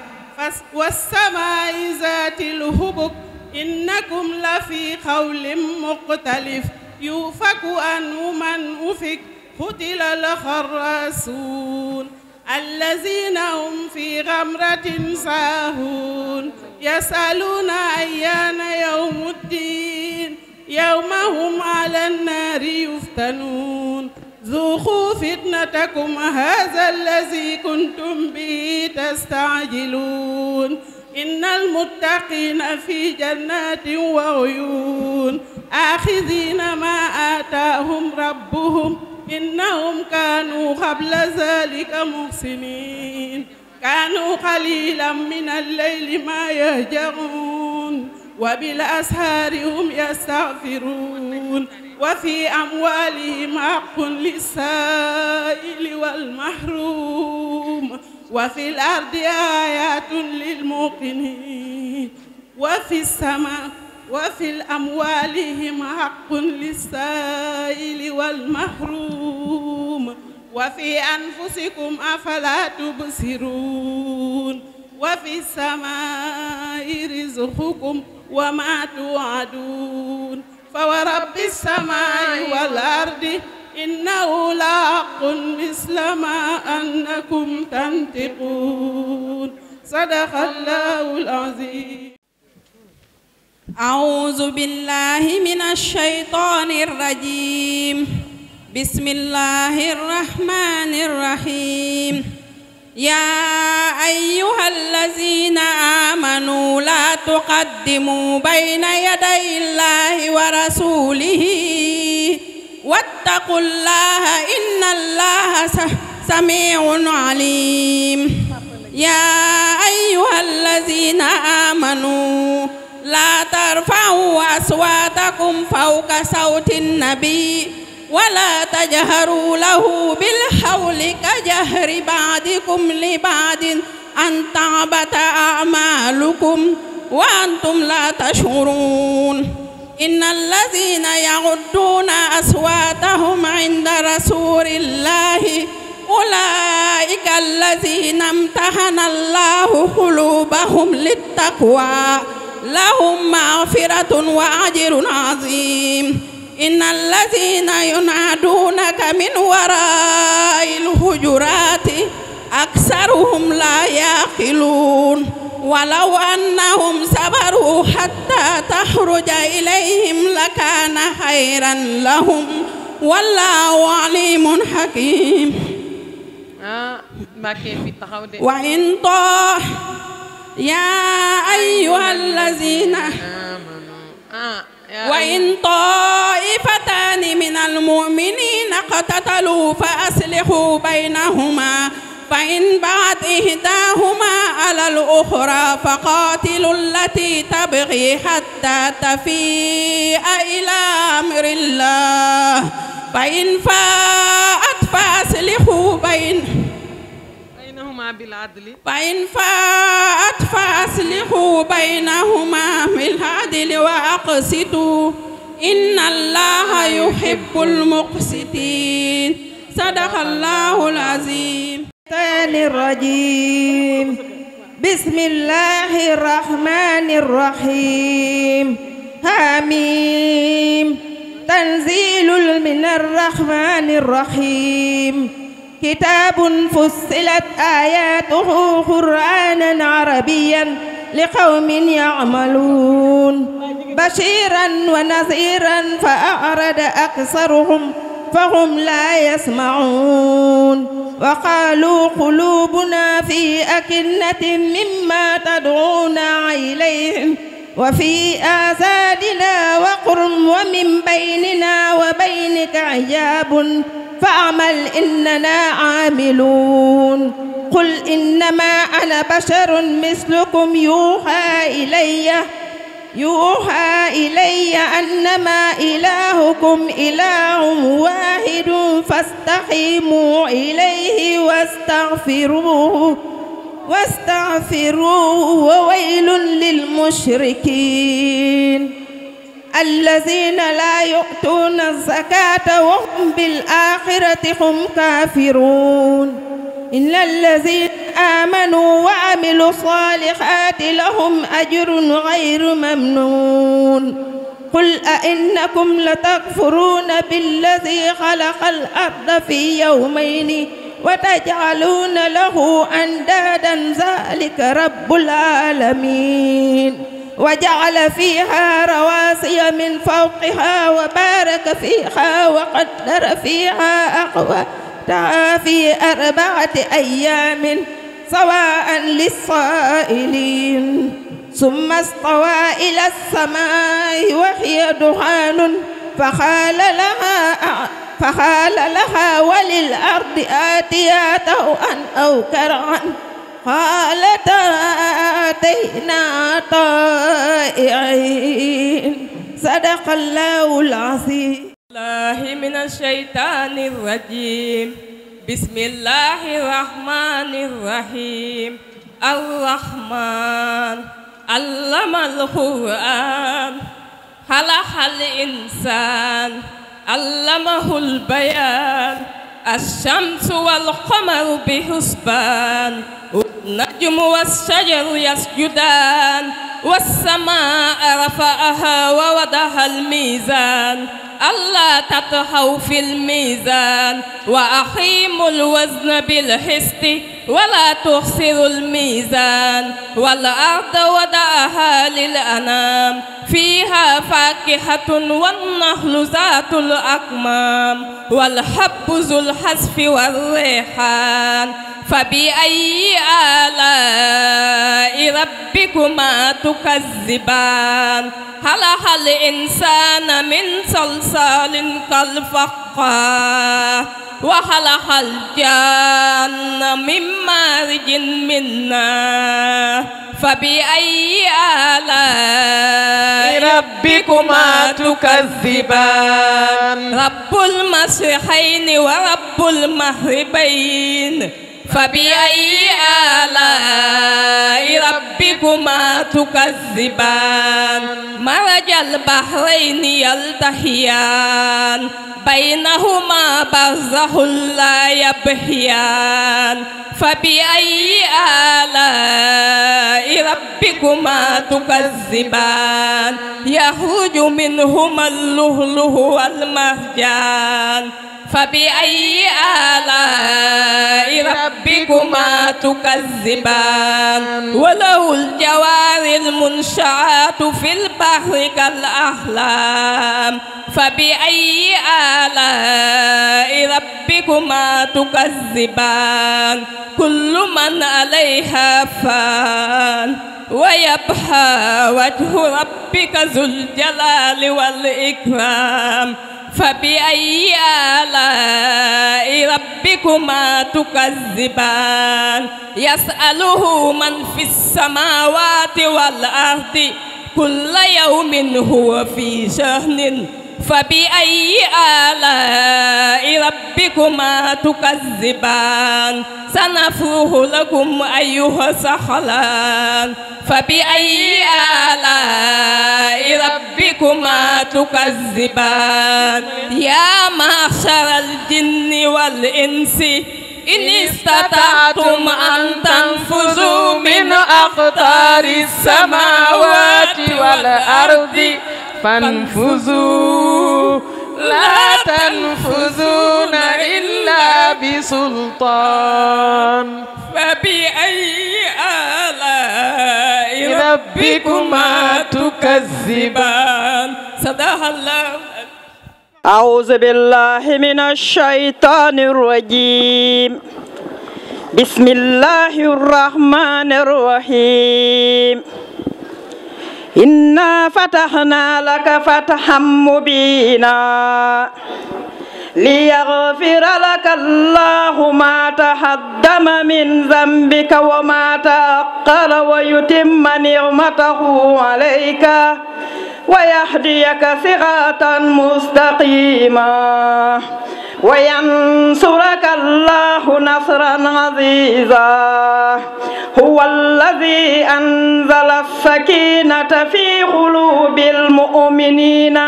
والسماء ذات الهبك إنكم لفي قول مختلف يؤفك أنه من أفك قتل الخراسون الذين هم في غمرة ساهون يسألون أيان يوم الدين يوم هم على النار يفتنون ذوقوا فتنتكم هذا الذي كنتم به تستعجلون إن المتقين في جنات وعيون آخذين ما آتاهم ربهم إنهم كانوا قبل ذلك محسنين كانوا قليلا من الليل ما يهجعون وبالأسهار هم يستغفرون وفي أموالهم حق للسائل والمحروم وفي الأرض آيات للموقنين وفي السماء وفي الأموالهم حق للسائل والمحروم وفي أنفسكم أفلا تبصرون وفي السماء رزقكم وما توعدون فورب السماء والأرض إنه لحق مثل ما أنكم تنطقون صدق الله العظيم أعوذ بالله من الشيطان الرجيم بسم الله الرحمن الرحيم يا أيها الذين آمنوا لا تقدموا بين يدي الله ورسوله واتقوا الله إن الله سميع عليم يا أيها الذين آمنوا لا ترفعوا أصواتكم فوق صوت النبي ولا تجهروا له بالحول كجهر بعضكم لبعض أن تعبت أعمالكم وأنتم لا تشعرون إن الذين يغضون أصواتهم عند رسول الله أولئك الذين امتحن الله قلوبهم للتقوى لهم مغفرة وأجر عظيم إن الذين ينادونك من وراء الحجرات أكثرهم لا يعقلون ولو أنهم صبروا حتى تخرج إليهم لكان خيرا لهم والله عليم حكيم آه، وإن طاح يا أيها الذين آمنوا آه، وإن طائفتان من المؤمنين اقتتلوا فأصلحوا بينهما فإن بعد إهداهما على الأخرى فقاتلوا التي تبغي حتى تفيء إلى أمر الله فإن فاءت فأصلحوا بينهما بالعدل فإن فاءت فأصلحوا بينهما بالعدل وأقسطوا إن الله يحب المقسطين صدق الله العظيم الرجيم بسم الله الرحمن الرحيم حميم تنزيل من الرحمن الرحيم كتاب فصلت آياته قرآنا عربيا لقوم يعملون بشيرا ونذيرا فأعرض أكثرهم فهم لا يسمعون وقالوا قلوبنا في أكنة مما تدعونا إليهم وفي آذاننا وقر ومن بيننا وبينك عجاب فاعمل إننا عاملون قل إنما أنا بشر مثلكم يوحى إلي يوحى إلي أنما إلهكم إله واحد فاستقيموا إليه واستغفروه واستغفروه وويل للمشركين الذين لا يؤتون الزكاة وهم بالآخرة هم كافرون إن الذين آمنوا وعملوا الصالحات لهم أجر غير ممنون قل أئنكم لتكفرون بالذي خلق الأرض في يومين وتجعلون له أندادا ذلك رب العالمين وجعل فيها رواسي من فوقها وبارك فيها وقدر فيها أقواتها في أربعة أيام سواء للصائلين ثم استوى إلى السماء وهي دخان فقال لها فقال لها وللأرض آتياته أن أو كرها قال تأتينا طائعين صدق الله العظيم الله من الشيطان الرجيم بسم الله الرحمن الرحيم الرحمن علم القرآن خلق الإنسان علمه البيان الشمس والقمر بحسبان نجم والشجر يسجدان والسماء رفعها ووضع الميزان ألا تطغوا في الميزان وأقيموا الوزن بالحسط ولا تخسروا الميزان والأرض وضعها للأنام فيها فاكهة والنخل ذات الأكمام والحب ذو الحسف والريحان فبأي آلاء ربكما تكذبان يكذبان خلق الإنسان من صلصال كالفقا وخلق الجان من مارج من فبأي آلاء ربكما تكذبان رب المسرحين ورب المهربين فبأي آلاء ربكما تكذبان مرج البحرين يلتحيان بينهما برزه لا يبهيان فبأي آلاء ربكما تكذبان يخرج منهما اللؤلؤ والمرجان فبأي آلاء ربكما تكذبان وله الجوار المنشعات في البحر كالأحلام فبأي آلاء ربكما تكذبان كل من عليها فان ويبحى وجه ربك ذو الجلال والإكرام فبأي آلاء ربكما تكذبان يسأله من في السماوات والأرض كل يوم هو في شهن فبأي آلاء ربكما تكذبان سنفوه لكم أيها الثقلان فبأي آلاء ربكما تكذبان يا معشر الجن والإنس إن استطعتم أن تنفذوا من أقدار السماوات والأرض فانفذوا لا تنفذون إلا بسلطان فبأي آلاء ربكما تكذبان صدق الله أعوذ بالله من الشيطان الرجيم بسم الله الرحمن الرحيم إنا فتحنا لك فتحا مبينا ليغفر لك الله ما تحدم من ذنبك وما تأقر ويتم نعمته عليك ويهديك صراطا مستقيما وينصرك الله نصرا عزيزا هو الذي أنزل السكينة في قلوب المؤمنين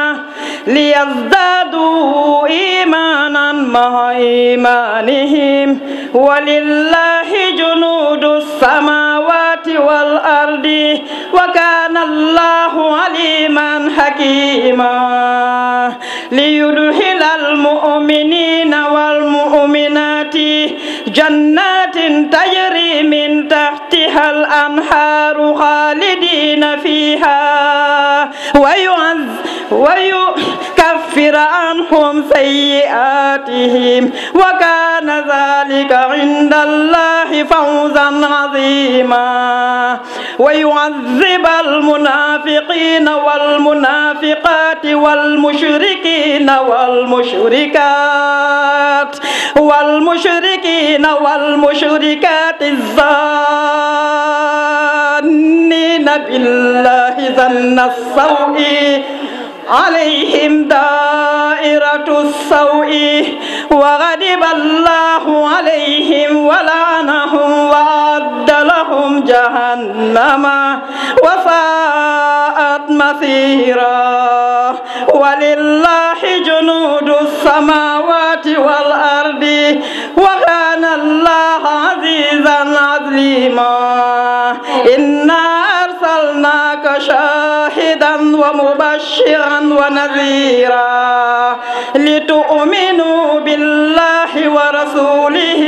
ليزدادوا إيمانا مع إيمانهم ولله جنود السماوات والأرض وكان الله عليما حكيما ليدخل المؤمنين والمؤمنات جنات تجري من تحتها الأنهار خالدين فيها ويعذ ويكف ليكفر عنهم سيئاتهم وكان ذلك عند الله فوزا عظيما ويعذب المنافقين والمنافقات والمشركين والمشركات والمشركين والمشركات الظانين بالله ظن السوء عليهم دائرة السوء وغضب الله عليهم ولعنهم وأعد لهم جهنم وساءت مصيرا ولله جنود السماوات والأرض وكان الله عزيزا عظيما إِنَّا شاهدا ومبشرا ونذيرا لتؤمنوا بالله ورسوله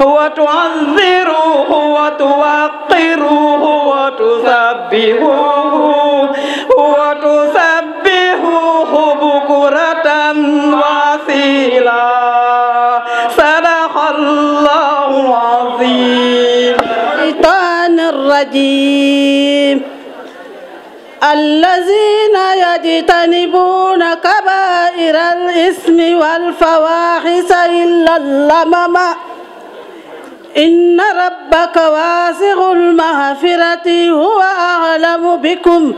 وتعذروه وتوقروه وتسبحوه وتسبحوه الذين يجتنبون كبائر الإثم والفواحش إلا اللمم إن ربك واسع المغفرة هو أعلم بكم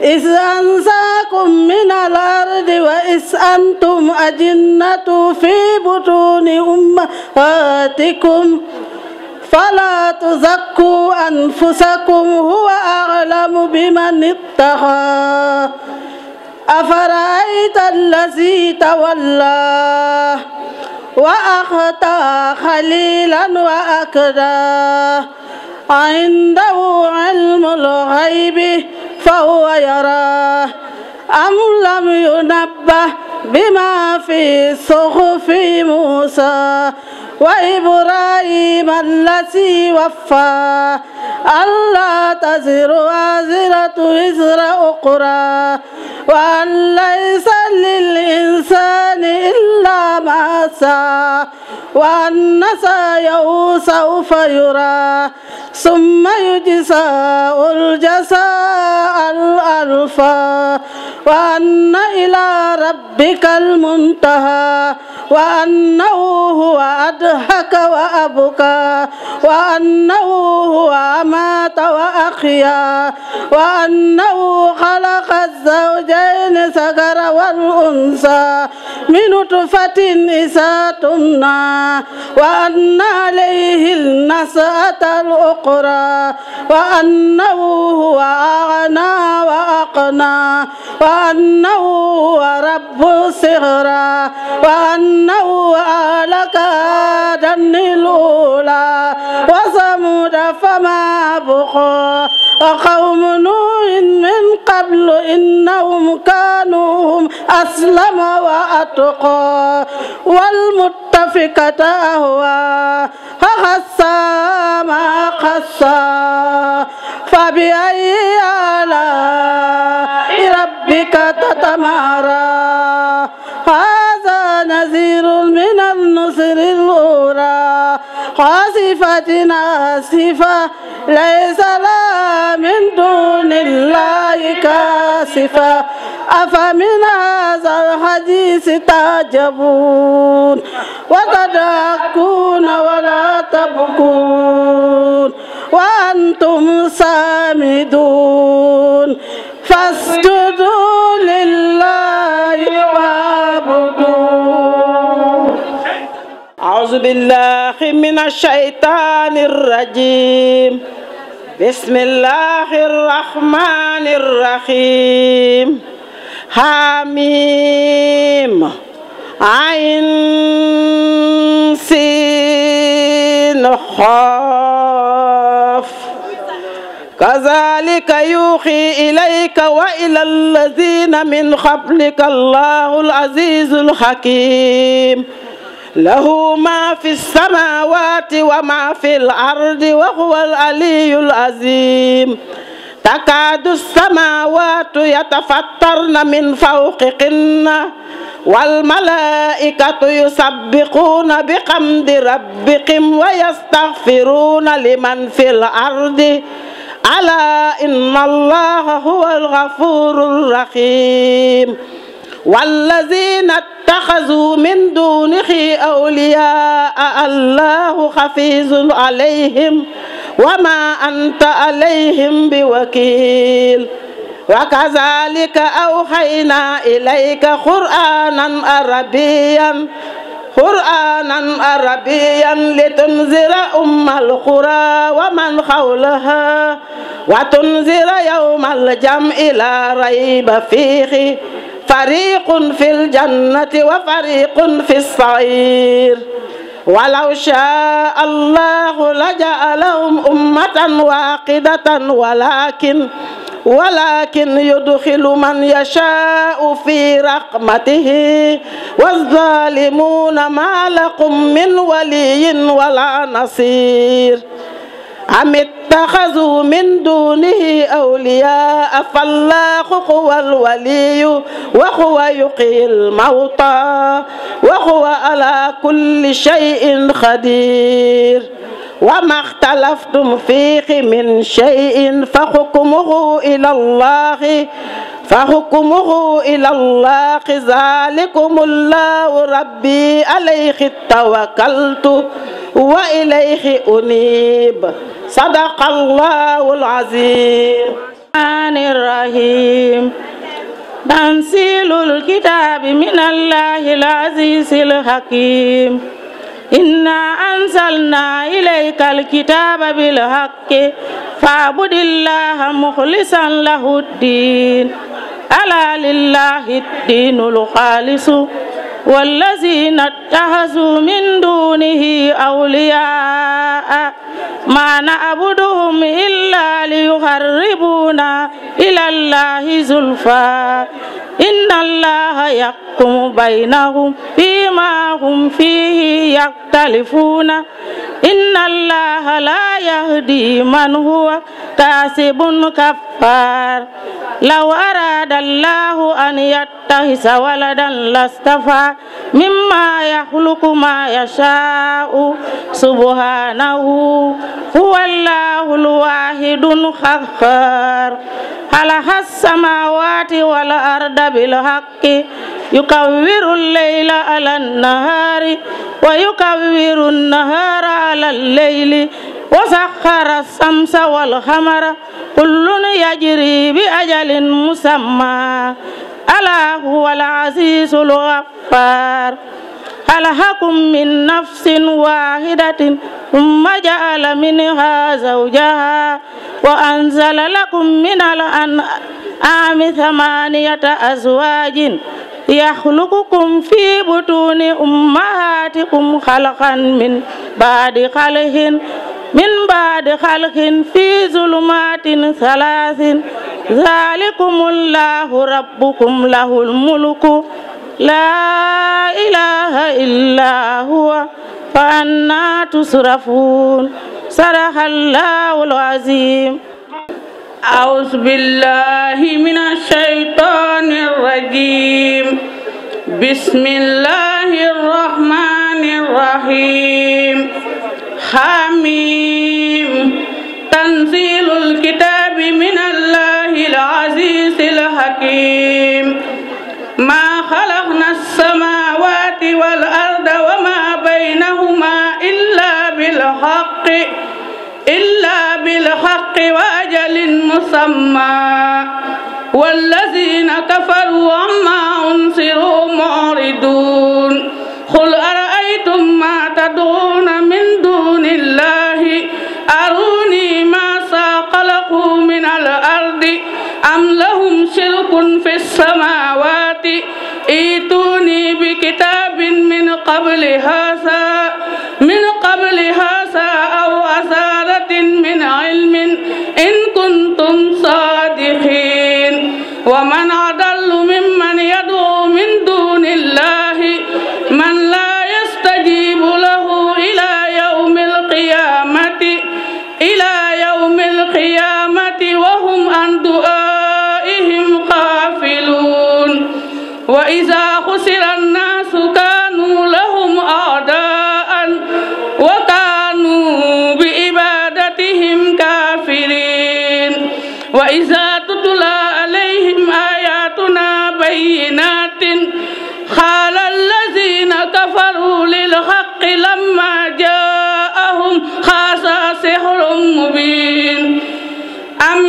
إذ أنساكم من الأرض وإذ أنتم أجنة في بطون أمهاتكم فلا تزكوا أنفسكم هو أعلم بمن اتقى أفرأيت الذي تولى وأخطى خليلا وأكدا عنده علم الغيب فهو يراه أم لم ينبه بما في صحف موسى وإبراهيم الذي وفى ألا تزر وازرة وزر أخرى وأن ليس للإنسان إلا ما سعى وأن سعيه سوف يرى ثم يجزاء الجزاء الألفى وأن إلى ربك ربك المنتهى وأنه هو أضحك وأبكى وأنه هو أمات وأحيا وأنه خلق الزوجين سكر والأنثى من نطفة إذا تمنى وأن عليه النساء الأخرى وأنه هو أغنى وأقنى وأنه هو رب سرا وأنه أهلك دن الأولى وثمود فما بقى وقوم نوح من قبل إنهم كانوا هم أسلم وأتقى والمتفكة أهوى فخسى ما خسى فبأي آلاء ربك تتمارى هذا نذير من النصر الأولى قاصفة آسفة ليس لا من دون الله كاسفة أفمن هذا الحديث تعجبون وتدعكون ولا تبكون وأنتم سامدون فاسجدوا أعوذ بالله من الشيطان الرجيم بسم الله الرحمن الرحيم حميم عين سين خاف كذلك يوحي إليك وإلى الذين من قبلك الله العزيز الحكيم له ما في السماوات وما في الأرض وهو العلي العظيم تكاد السماوات يتفطرن من فوقهن والملائكة يسبقون بحمد ربهم ويستغفرون لمن في الأرض ألا إن الله هو الغفور الرحيم والذين اتخذوا من دونه أولياء الله حفيظ عليهم وما أنت عليهم بوكيل وكذلك أوحينا إليك قرآنا عربيا قرآنا عربيا لتنذر أم القرى ومن حولها وتنذر يوم الجمع لا ريب فيه فريق في الجنة وفريق في الصعير ولو شاء الله لجعلهم أمة واقدة ولكن ولكن يدخل من يشاء في رقمته والظالمون ما لكم من ولي ولا نصير أم اتخذوا من دونه أولياء فالله هو الولي وهو يقي الموتى وهو على كل شيء قدير وما اختلفتم فيه من شيء فحكمه إلى الله فحكمه إلى الله ذلكم الله ربي عليه توكلت وإليه أنيب صدق الله العظيم الرحمن الرحيم تنزيل الكتاب من الله العزيز الحكيم إنا أنزلنا إليك الكتاب بالحق فاعبد الله مخلصا له الدين ألا لله الدين الخالص والذين اتخذوا من دونه أولياء ما نعبدهم إلا ليقربونا إلى الله زلفى إن الله يحكم بينهم فيما هم فيه يختلفون إن الله لا يهدي من هو كاسب كفار لو أراد الله أن يتخذ ولدا لاصطفى مما يخلق ما يشاء سبحانه هو الله الواحد الخخار خلق السماوات والأرض بالحق يكور الليل على النهار ويكور النهار على الليل وسخر الشمس والقمر كل يجري بأجل مسمى ألا هو العزيز الغفار خلقكم من نفس واحدة ثم جعل منها زوجها وأنزل لكم من الأنعام ثمانية أزواج يخلقكم في بطون أمهاتكم خلقا من بعد خلق من بعد خلق في ظلمات ثلاث ذلكم الله ربكم له الملك لا إله إلا هو فأنا تصرفون صدق الله العظيم أعوذ بالله من الشيطان الرجيم بسم الله الرحمن الرحيم حميم تنزيل الكتاب من الله العزيز الحكيم ما خلقنا السماوات والأرض وما بينهما إلا بالحق إلا بالحق وأجل مسمى والذين كفروا عما أنصروا معرضون قل أرأيتم ما تدعون من دون الله أروني ما خلقوا من الأرض أم لهم شرك في السماوات ايتوني بكتاب من قبل هذا مبين أم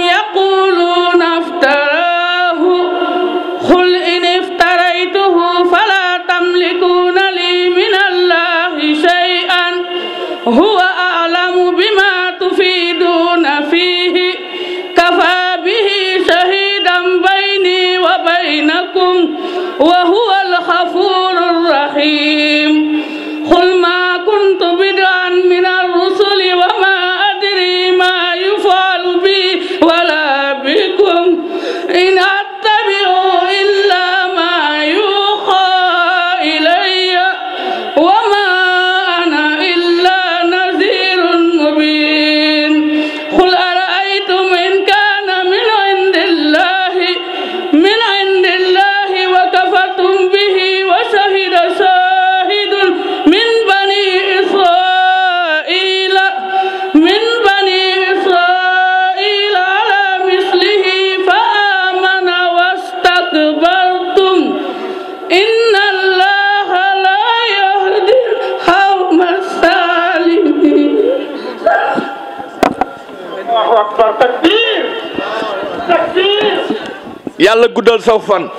yàlla guddal saw fan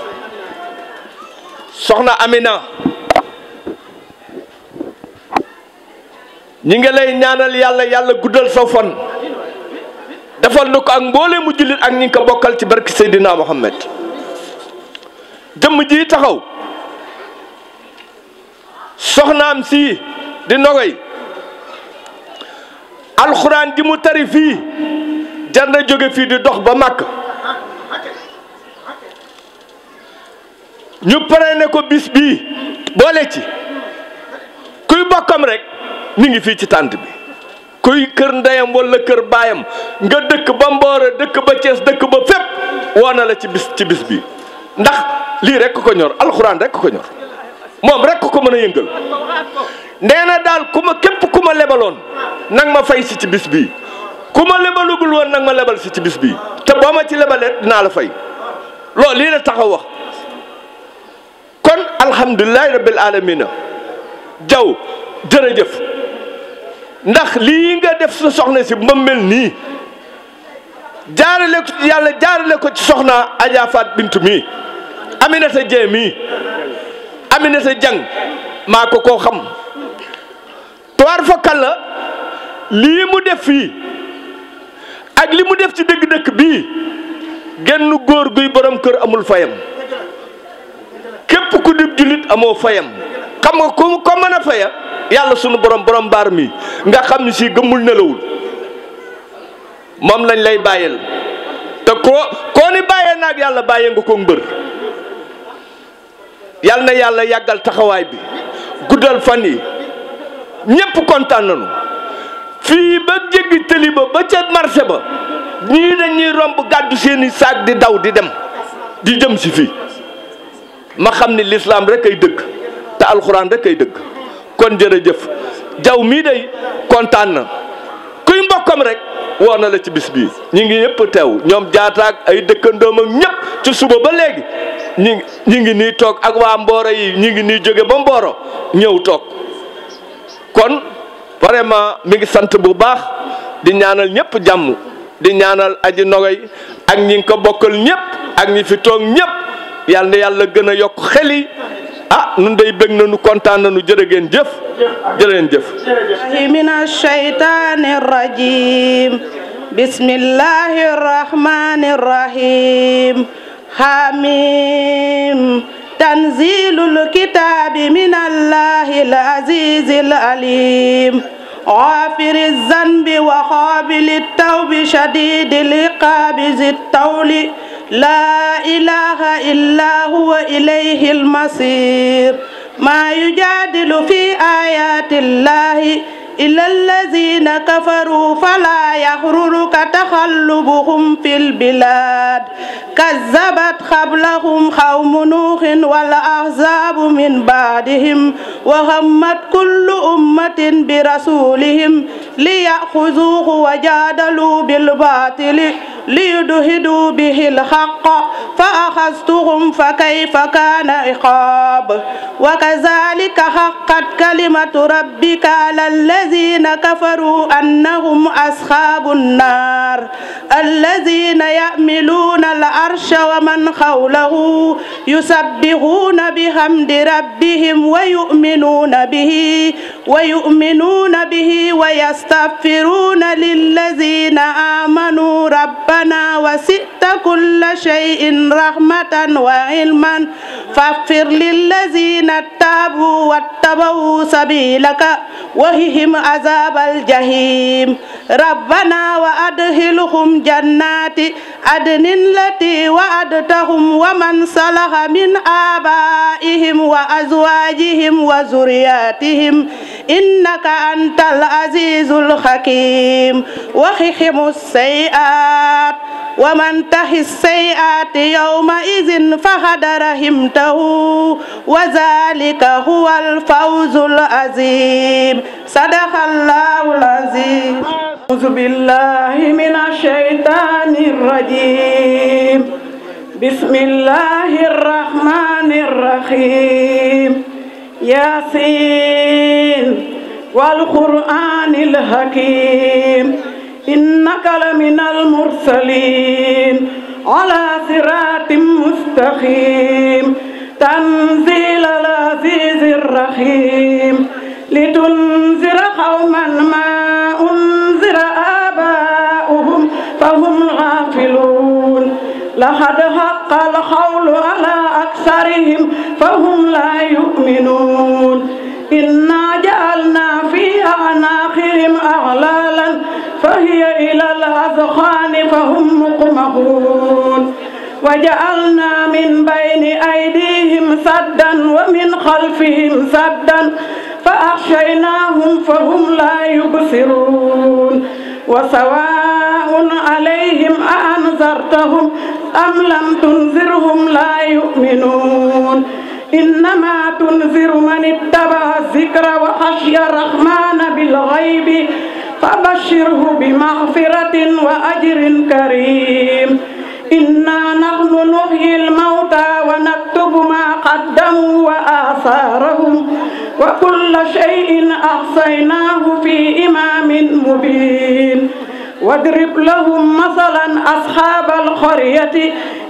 soxna Amina ñi ngi lay ñaanal yàlla yàlla guddal saw fan defal na ko ak mboole mu jullit ak ñi ngi ko bokkal ci barki Seydina Mohamed jëmm ji taxaw soxnaam sii di nogoy alxuraan gi mu tari fii jar na jóge fii di dox ba màkk ñu pare ne ko bis bii boole ci kuy bokkam rek mi ngi fii ci tànt bi kuy kër ndeyam wala kër baayam nga dëkk ba Mboora dëkk ba Cees dëkk ba fépp woo na la ci bis ci bis bii ndax lii rek ko ñor alxuraan rekk ko ñor moom rek ko mën a yëngal nee na daal ku ma képp ku ma lebaloon nag ma fay si ci bis bii ku ma lebalugul woon nang ma lebal si ci bis bii te boo ma ci lebalee dinaa la fay lool lii la taxaw wax alhamdulilahi rabbil alamina jaw jërëjëf ndax lii nga def sa soxna si ba mel nii jaarale ko yàlla jaarale ko ci soxna bint Faat Bintu na sa Jee mii Aminata Jang maa ko koo xam toir fa kàlla lii mu def fii ak li mu def ci dëgg dëkk bii genn góor guy borom kër amul fayam képp ku dib julit amoo fayam xam nga ku ko mën a faya yàlla sunu borom borom baar mi nga xam ni si gëmmul nelawul moom lañ lay bàyyil te koo koo ni bàyyee naag yàlla bàyyee nga ko mbër yàlla na yàlla yàggal taxawaay bi guddal fan yi ñépp kontaan nañu fii ba jéggi tëli ba ba ca marché ba ñii dañuy romb gàddu seeni saag di daw di dem di jëm si fii ma xam ni lislaam rek ay dëgg te alxuraan rek ay dëgg kon jërëjëf jaw mii day kontaan na kuy mbokkam rek woo na la ci bis bii ñi ngi ñëpp teew ñoom jaataak ay dëkkandoom ak ñëpp ci suba ba léegi ñi ñi ngi nii toog ak waa Mboro yi ñi ngi nii jóge ba Mboro ñëw toog kon vraiment mi ngi sant bu baax di ñaanal ñëpp jàmm di ñaanal aji nogoy ak ñi ngi ko bokkal ñëpp ak ñi fi toog ñëpp yàlla na yàlla gën a yokk xel yi ah nun day bëgg na nu kontaan na nu jërë ngeen jëf jërë ngeen jëf min ash-shaytaani rajiim bismillaahi rahmaani rahiim xaamiim tanziilul kitaabi min allaahi al-aziizil aliim غافر الذنب وقابل التوب شديد العقاب ذي الطول لا إله إلا هو إليه المصير ما يجادل في آيات الله إلا الذين كفروا فلا يغررك تخلبهم في البلاد كذبت قبلهم قوم نوح والأحزاب من بعدهم وهمت كل أمة برسولهم ليأخذوه وجادلوا بالباطل ليدهدوا به الحق فأخذتهم فكيف كان عقاب وكذلك حقت كلمة ربك على الذين كفروا أنهم أصحاب النار الذين يأملون العرش ومن حوله يسبحون بحمد ربهم ويؤمنون به ويؤمنون به ويستغفرون للذين آمنوا ربهم ربنا وسئت كل شيء رحمة وعلما فاغفر للذين تابوا واتبعوا سبيلك وهم عذاب الجحيم ربنا وأدخلهم جنات عدن التي وعدتهم ومن صلح من آبائهم وأزواجهم وذرياتهم إنك أنت العزيز الحكيم وخيم السيئات السيئات ومن تحي السيئات يومئذ فقد رحمته وذلك هو الفوز العظيم صدق الله العظيم أعوذ بالله من الشيطان الرجيم بسم الله الرحمن الرحيم ياسين والقرآن الحكيم إنك لمن المرسلين على صراط مستقيم تنزيل العزيز الرحيم لتنذر قوما ما أنذر آباؤهم فهم غافلون لقد حق القول على أكثرهم فهم لا يؤمنون الدخان فهم مقمحون وجعلنا من بين أيديهم سدا ومن خلفهم سدا فأحشيناهم فهم لا يبصرون وسواء عليهم أأنذرتهم أم لم تنذرهم لا يؤمنون إنما تنذر من اتبع الذكر وخشي الرحمن بالغيب فبشره بمغفرة وأجر كريم إنا نحن نحيي الموتى ونكتب ما قدموا وآثارهم وكل شيء أحصيناه في إمام مبين واضرب لهم مثلا أصحاب القرية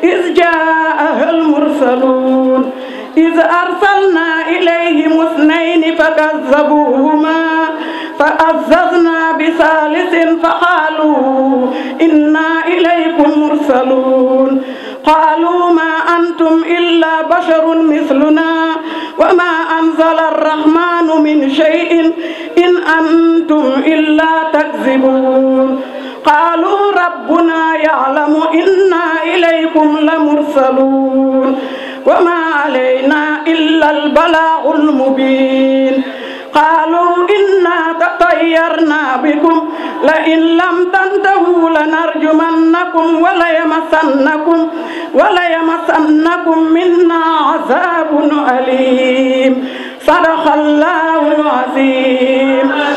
إذ جاءها المرسلون إذ أرسلنا إليهم اثنين فكذبوهما فأززنا بثالث فقالوا إنا إليكم مرسلون قالوا ما أنتم إلا بشر مثلنا وما أنزل الرحمن من شيء إن أنتم إلا تكذبون قالوا ربنا يعلم إنا إليكم لمرسلون وما علينا إلا البلاغ المبين قالوا إنا تطيرنا بكم لئن لم تنتهوا لنرجمنكم وليمسنكم وليمسنكم منا عذاب أليم صدق الله العظيم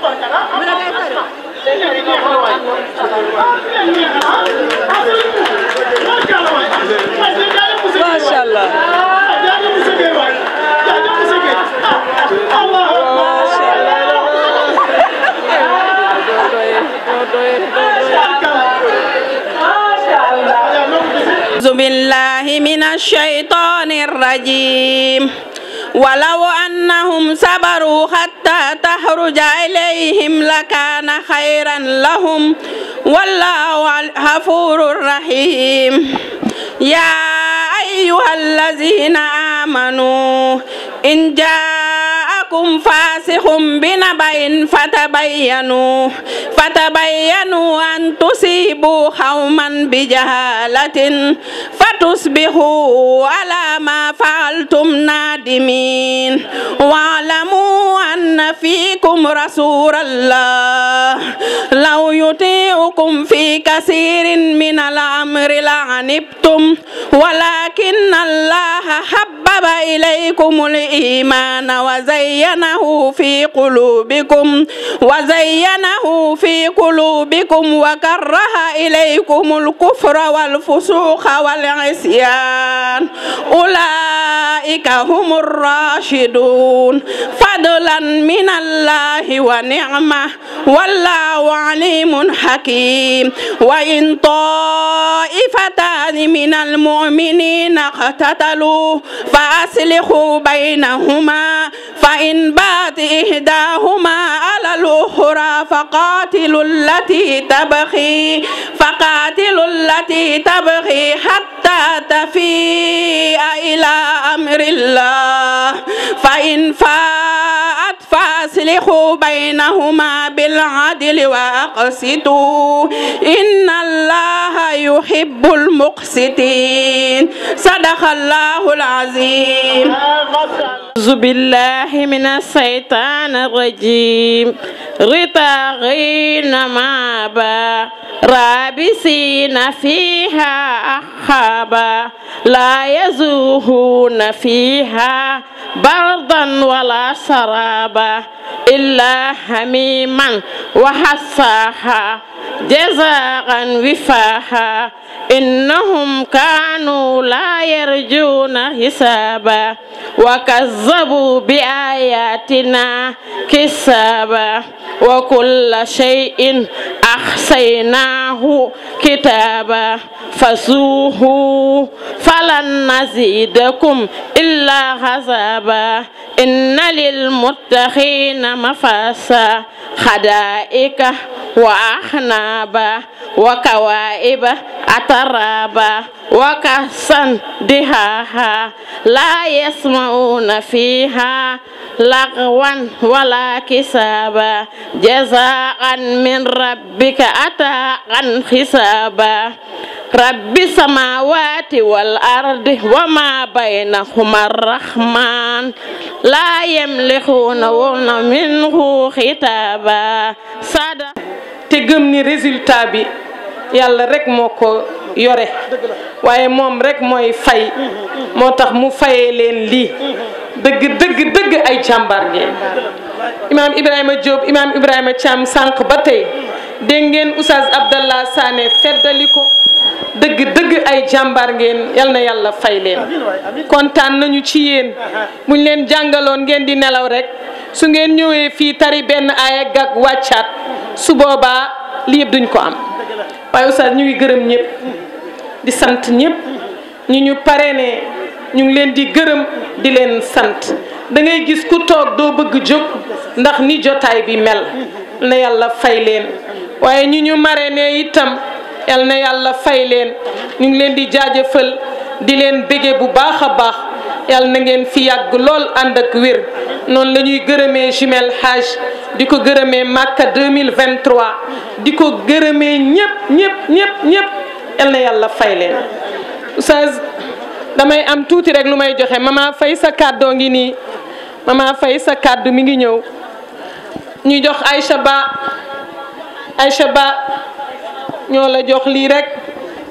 Gracias. macha allah. أعوذ بالله من الشيطان الرجيم ولو أنهم صبروا حتى تخرج إليهم لكان خيرا لهم والله غفور رحيم يا أيها الذين آمنوا إن جاءوا يأتكم فاسق بنبأ فتبينوا فتبينوا أن تصيبوا قوما بجهالة فتصبحوا على ما فعلتم نادمين واعلموا أن فيكم رسول الله لو يطيعكم في كثير من الأمر لعنبتم ولكن الله حبب إليكم الإيمان وزين وزينه في قلوبكم وزينه في قلوبكم وكره إليكم الكفر والفسوق والعصيان أولئك هم الراشدون فضلا من الله ونعمة والله عليم حكيم وإن طائفتان من المؤمنين اقتتلوا فأصلحوا بينهما فإن من بعد إهداهما على الأخرى فقاتلوا التي تبغي فقاتلوا التي تبغي حتى تفيء إلى أمر الله فإن فاءت فاءت وأصلحوا بينهما بالعدل وأقسطوا إن الله يحب المقسطين صدق الله العظيم أعوذ بالله من الشيطان الرجيم رطاغين مابا رابسين فيها أحابا لا يزوهون فيها بردا ولا شرابا إلا هميما وحصاها جزاء وفاها إنهم كانوا لا يرجون حسابا وكذبوا بآياتنا كسابا وكل شيء أحصيناه كتابا فسوهوا فلن نزيدكم إلا غزابا إن للمتقين alaina mafasa hada ika wa ahna ba wa kawaiba ataraba wa kasan diha ha la yasmauna min rabbika ata an hisaba Rabbi samawati wal ardi wa ma rahman la yamlikuna wa minhu xitaaba saada te gën ni résultat bi yàlla rek moo ko yore waaye moom rek mooy fay moo tax mu fayee leen li dëgg dëgg dëgg ay jàmbaar ngeen imaam Ibrahima Diop imaam Ibrahima Thiam sànq ba tey dégg ngeen Oustaz Abdallah Sané feddali ko dëgg dëgg ay jàmbaar ngeen yàlla fay leen kontaan nañu ci yéen buñ leen jàngaloon ngeen di nelaw rek su ngeen ñëwee fii tari benn aaya gag wàccaat su boobaa lii yëpp duñ ko am waaye oustaz ñu gërëm ñëpp di sant ñëpp ñu ñu paree parrainé ñu ngi leen di gërëm di leen sant dangay gis ku toog doo bëgg jóg ndax ni jotaay bi mel na yàlla fay leen waaye ñu ñu maree marrainé itam yal na yàlla fay leen ñu ngi leen di jaajëfal di leen bége bu baax a baax yàlla na ngeen fi yàgg lool ànd ak wér noonu la ñuy gërëmee jumel hajj di ko gërëmee Makka 2023 di ko gërëmee ñëpp ñëpp ñëpp ñëpp yàlla fay leen oustaz damay am tuuti rek lu may joxe mama fay sa kàddoo ngi nii mama fay sa kàddu mi ngi ñëw ñuy jox Aïcha Ba ñoo la jox lii rekk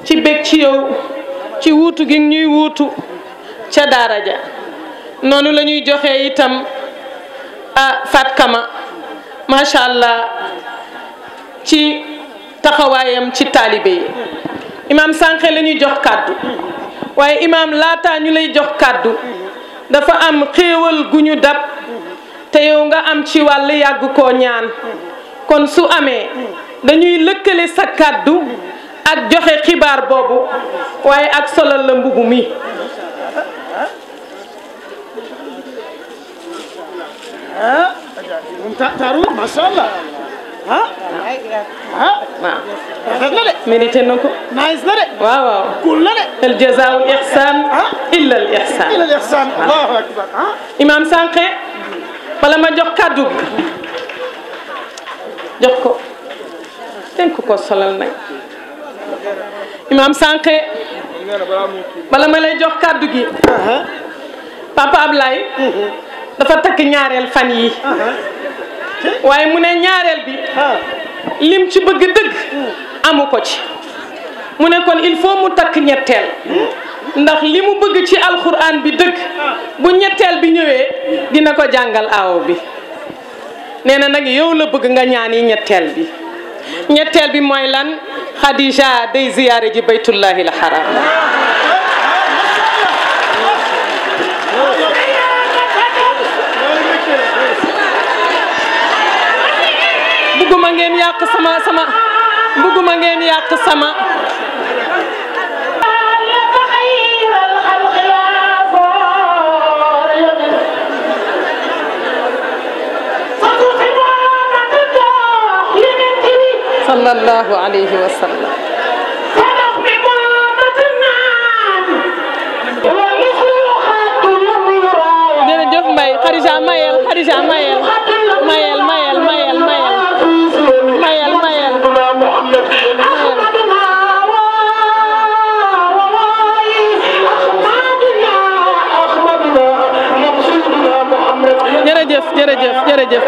ci bég ci yow ci wuutu gi ñuy wuutu ca daara ja noonu la ñuy joxee itam a Fat Kama macha allah ci taxawaayam ci taalibe yi imaam sànqe lañuy jox kàddu waaye imaam laataa ñu lay jox kàddu dafa am xéewal gu ñu dab te yow nga am ci wàll yàgg koo ñaan kon su amee dañuy lëkkale sa kàddu ak joxe xibaar boobu waaye ak solal la mbubu mi ah moom taaruwul macha allah ah ah waaw rafet na de. mérité na ko. nice na de. waaw waaw. cool ko dénk ko solal nag imam Sànqe bala ma lay kàddu gi. dafa takk ñaareel fan yi waaye mu ne ñaareel bi lim ci bëgg dëgg amu ko ci mu ne kon il faut mu takk ñetteel ndax li mu bëgg ci alxuraan bi dëgg bu ñetteel bi ñëwee dina ko jàngal aaw bi nee na nag yow la bëgg nga ñaani ñetteel bi ñetteel bi mooy lan Khadija day ziyaare ji baytullahi al haram ngeen yàq sama sama bëgguma ngeen yàq sama sallallahu alayhi wa sallam jërëjëf Mbaye Khadija Mayel Khadija Mayel jërëjëf jërëjëf jërëjëf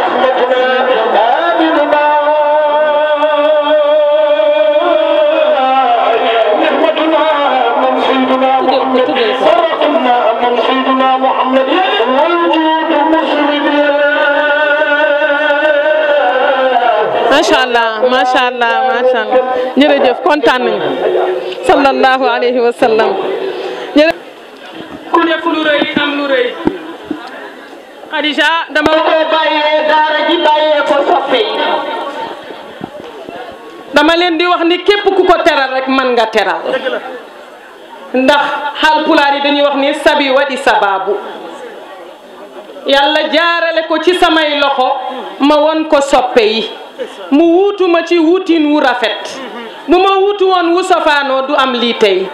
ما شاء الله macha allah macha allah jërëjëf kontaan nañu sallallahu alayhi wa sallam. ku def lu rëy dama ko bàyyee daara ji bàyyee ko soppe dama leen di wax ni képp ku ko teral rek man nga teral ndax xaal pulaar yi dañuy wax ni sabi wa sabaabu sababu yàlla jaarale ko ci samay loxo ma won ko soppe yi mu wutu ma ci wuutin wu rafet mm-hmm. bu ma wuutu woon wu safaanoo du am lii tey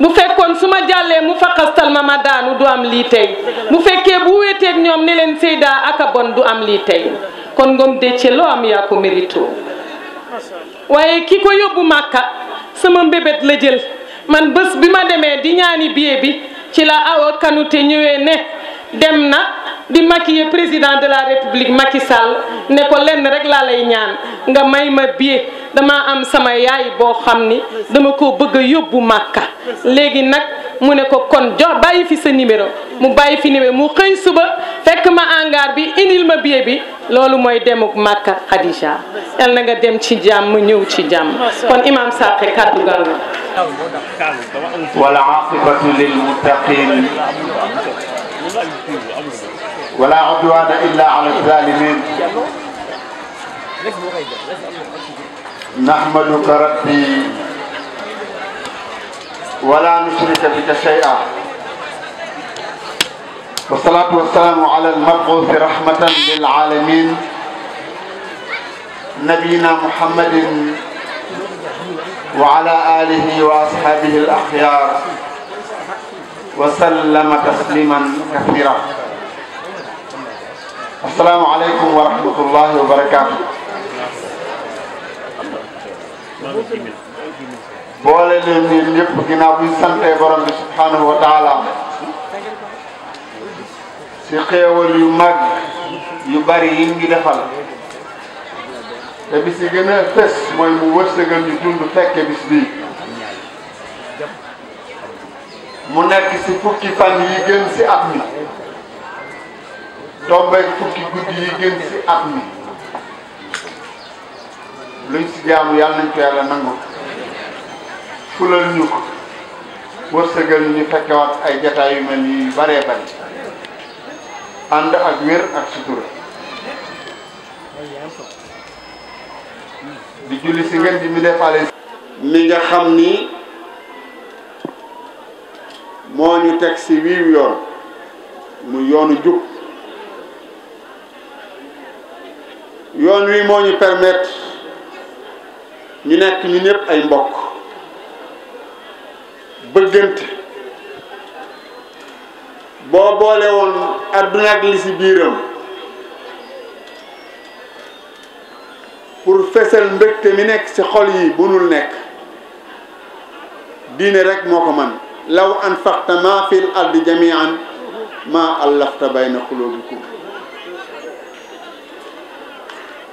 bu fekkoon su ma jàllee mu faqastal ma ma daanu du am lii tey bu fekkee bu wéeteeg ñoom ne leen Seyda aka bon du am lii tey kon Ngom Déthié loo am yaa ko mérito waaye ki ko yóbbu màkka sama mbébét la jël man bés bi ma demee di ñaani billet bi ci la awa kanute ñëwee ne dem na di maquiller président de la république Macky Sall ne ko lenn rek laa lay ñaan nga may ma billet damaa am sama yaay boo xam ni dama ko bëgg yóbbu Màkka léegi nag mu ne ko kon jox bàyyi fi sa numéro mu bàyyi fi numéro mu xëy suba fekk ma hangar bi indil ma billet bi loolu mooy demuk Màkka Khadija yal na nga dem ci jàmm ñëw ci jàmm kon imam Sakhe kàddu gal ولا عدوان إلا على الظالمين نحمدك ربي ولا نشرك بك شيئا والصلاة والسلام على المبعوث رحمة للعالمين نبينا محمد وعلى آله وأصحابه الأخيار وسلم تسليما كثيرا السلام عليكم ورحمة الله وبركاته. بولين يجب أن أبسط تبرم سبحانه وتعالى. سقيه واليمك يباري ينجي دخل. تبي سجن فس ما يموت سجن يجون بفك بسبي. منك سفك فني جنس أبني. tombeeg fukki guddi yi gën si at mi luñ si jaamu yàlla nañ ko yàlla nangu fulal ñu ko wërsëgal ñu fekkewaat ay jataay yu ni yu baree ànd ak wér ak sutura di julli si ngeen di mi defaale mi nga xam ni moo ñu teg ci wiiw yoon mu yoonu jub yoon wi moo ñu permettre ñu nekk ñu ñëpp ay mbokk bëggante boo boole woon àdduna li ci biiram pour fesal mbégte mi nekk ci xol yi bunul nekk diine rek moo ko man law anfaqta ma fil ardi jamian ma allafta bayna qulubikum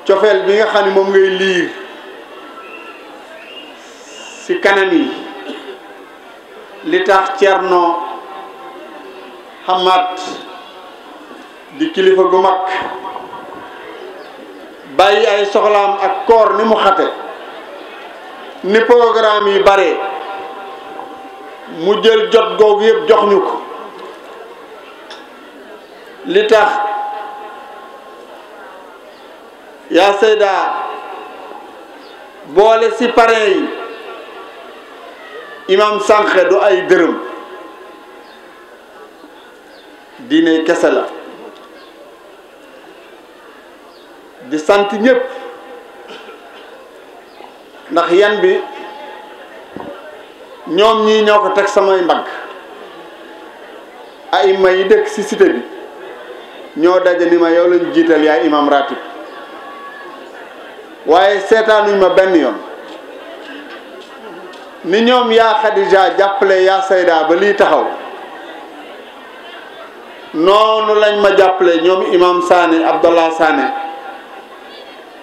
cofeel bi nga xam ni moom ngay liir ci kanam yi li tax Cerno Hamad di kilifa gu mag bàyyi ay soxlaam ak koor ni mu xate ni programme yi bare mu jël jot googu yëpp jox ñu ko li tax Ya Seyda boole si parei imam sànq du ay dërëm diine kese la di sant ñëpp ndax yan bi nyom ñii nyok tek sama samay ay ma yi dëkk ci cité bi ni ma yow lañu imam ratib waaye seetaanuñ ma benn yoon ni ñoom yaa Xadija jàppale yaa seydaa ba lii taxaw noonu lañ ma jàppale ñoom Imam Sané Abdallah Sané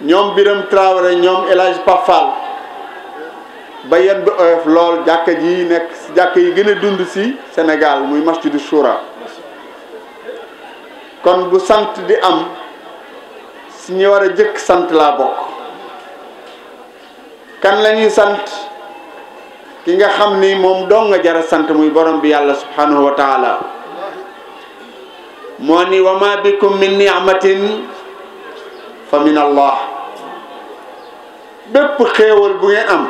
ñoom Biram Traoré ñoom El Hadj ba yen bi oyof lool jàkka ji nekk jàkka yi gën dund ci senegaal muy masjidu Shura kon bu sant di am si ñu war a jëkk sant laa bokk kan lañuy sant ki nga xam ni moom doo nga jara sant muy borom bi yàlla subhanahu wa taala moo ni wa ma bikum min ni'matin fa min allah bépp xéewal bu ngeen am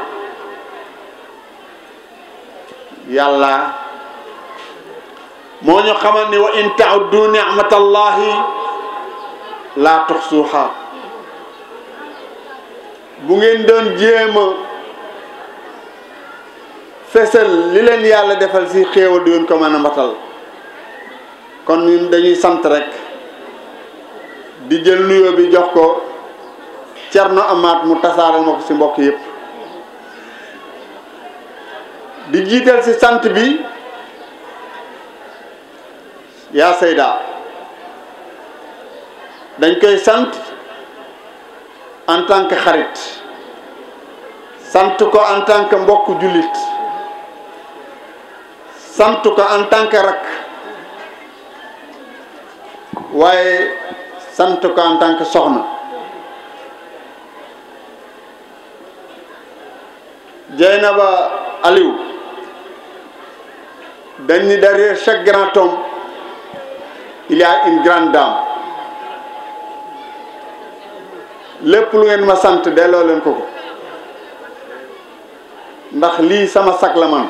yàlla moo ñu xamal ni wa in ta'uddu ni'matallahi la tuxsuha bu ngeen doon jéem a li leen yàlla defal si xéewal du ko mën a mbatal kon ñun dañuy sant rekk di jël nuyoo bi jox ko car nu Amaat mu tasaaral ma ci mbokk yépp di jiital ci sant bi yaa Seyda dañ koy sant en tant que xarit sant ko en tant que mbokk jullit sant ko en tant que rakk waaye sant ko en tant que soxna Dieynaba Aliou dañ ni derrière chaque grand homme il une grande dame lépp lu ngeen ma sant delloo leen ko ko ndax lii sama sag la man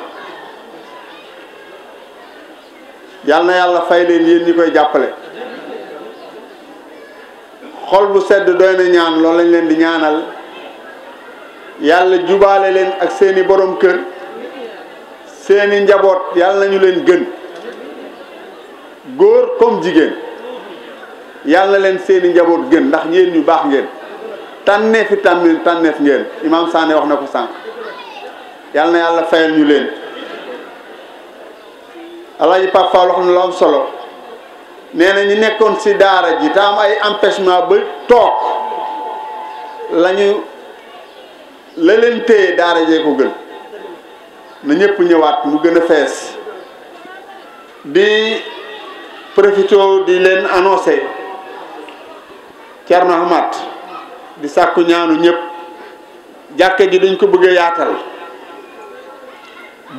yal na yàlla fay leen yéen ñi koy jàppale xol bu sedd doy na ñaan lool lañ leen di ñaanal yàlla jubaale leen ak seeni borom kër seeni njaboot yàlla nañu leen gën góor koom jigéen yàlla na leen seeni njaboot gën ndax yéen ñu baax ngeen tànneefi tànn tànneef ngeen Imaam Sané wax na ko sànq yàlla na yàlla fayal ñu leen Alaaji Pape Fall wax na lu am solo nee na ñi nekkoon si daara ji tam ay empêchement ba toog la ñu la daara jee ko gën na ñëpp ñëwaat mu gën a fees di profité di leen annoncé Thierno Ahmad di sàkku ñaanu ñëpp jàkka ji dañ ko bëgg a yaatal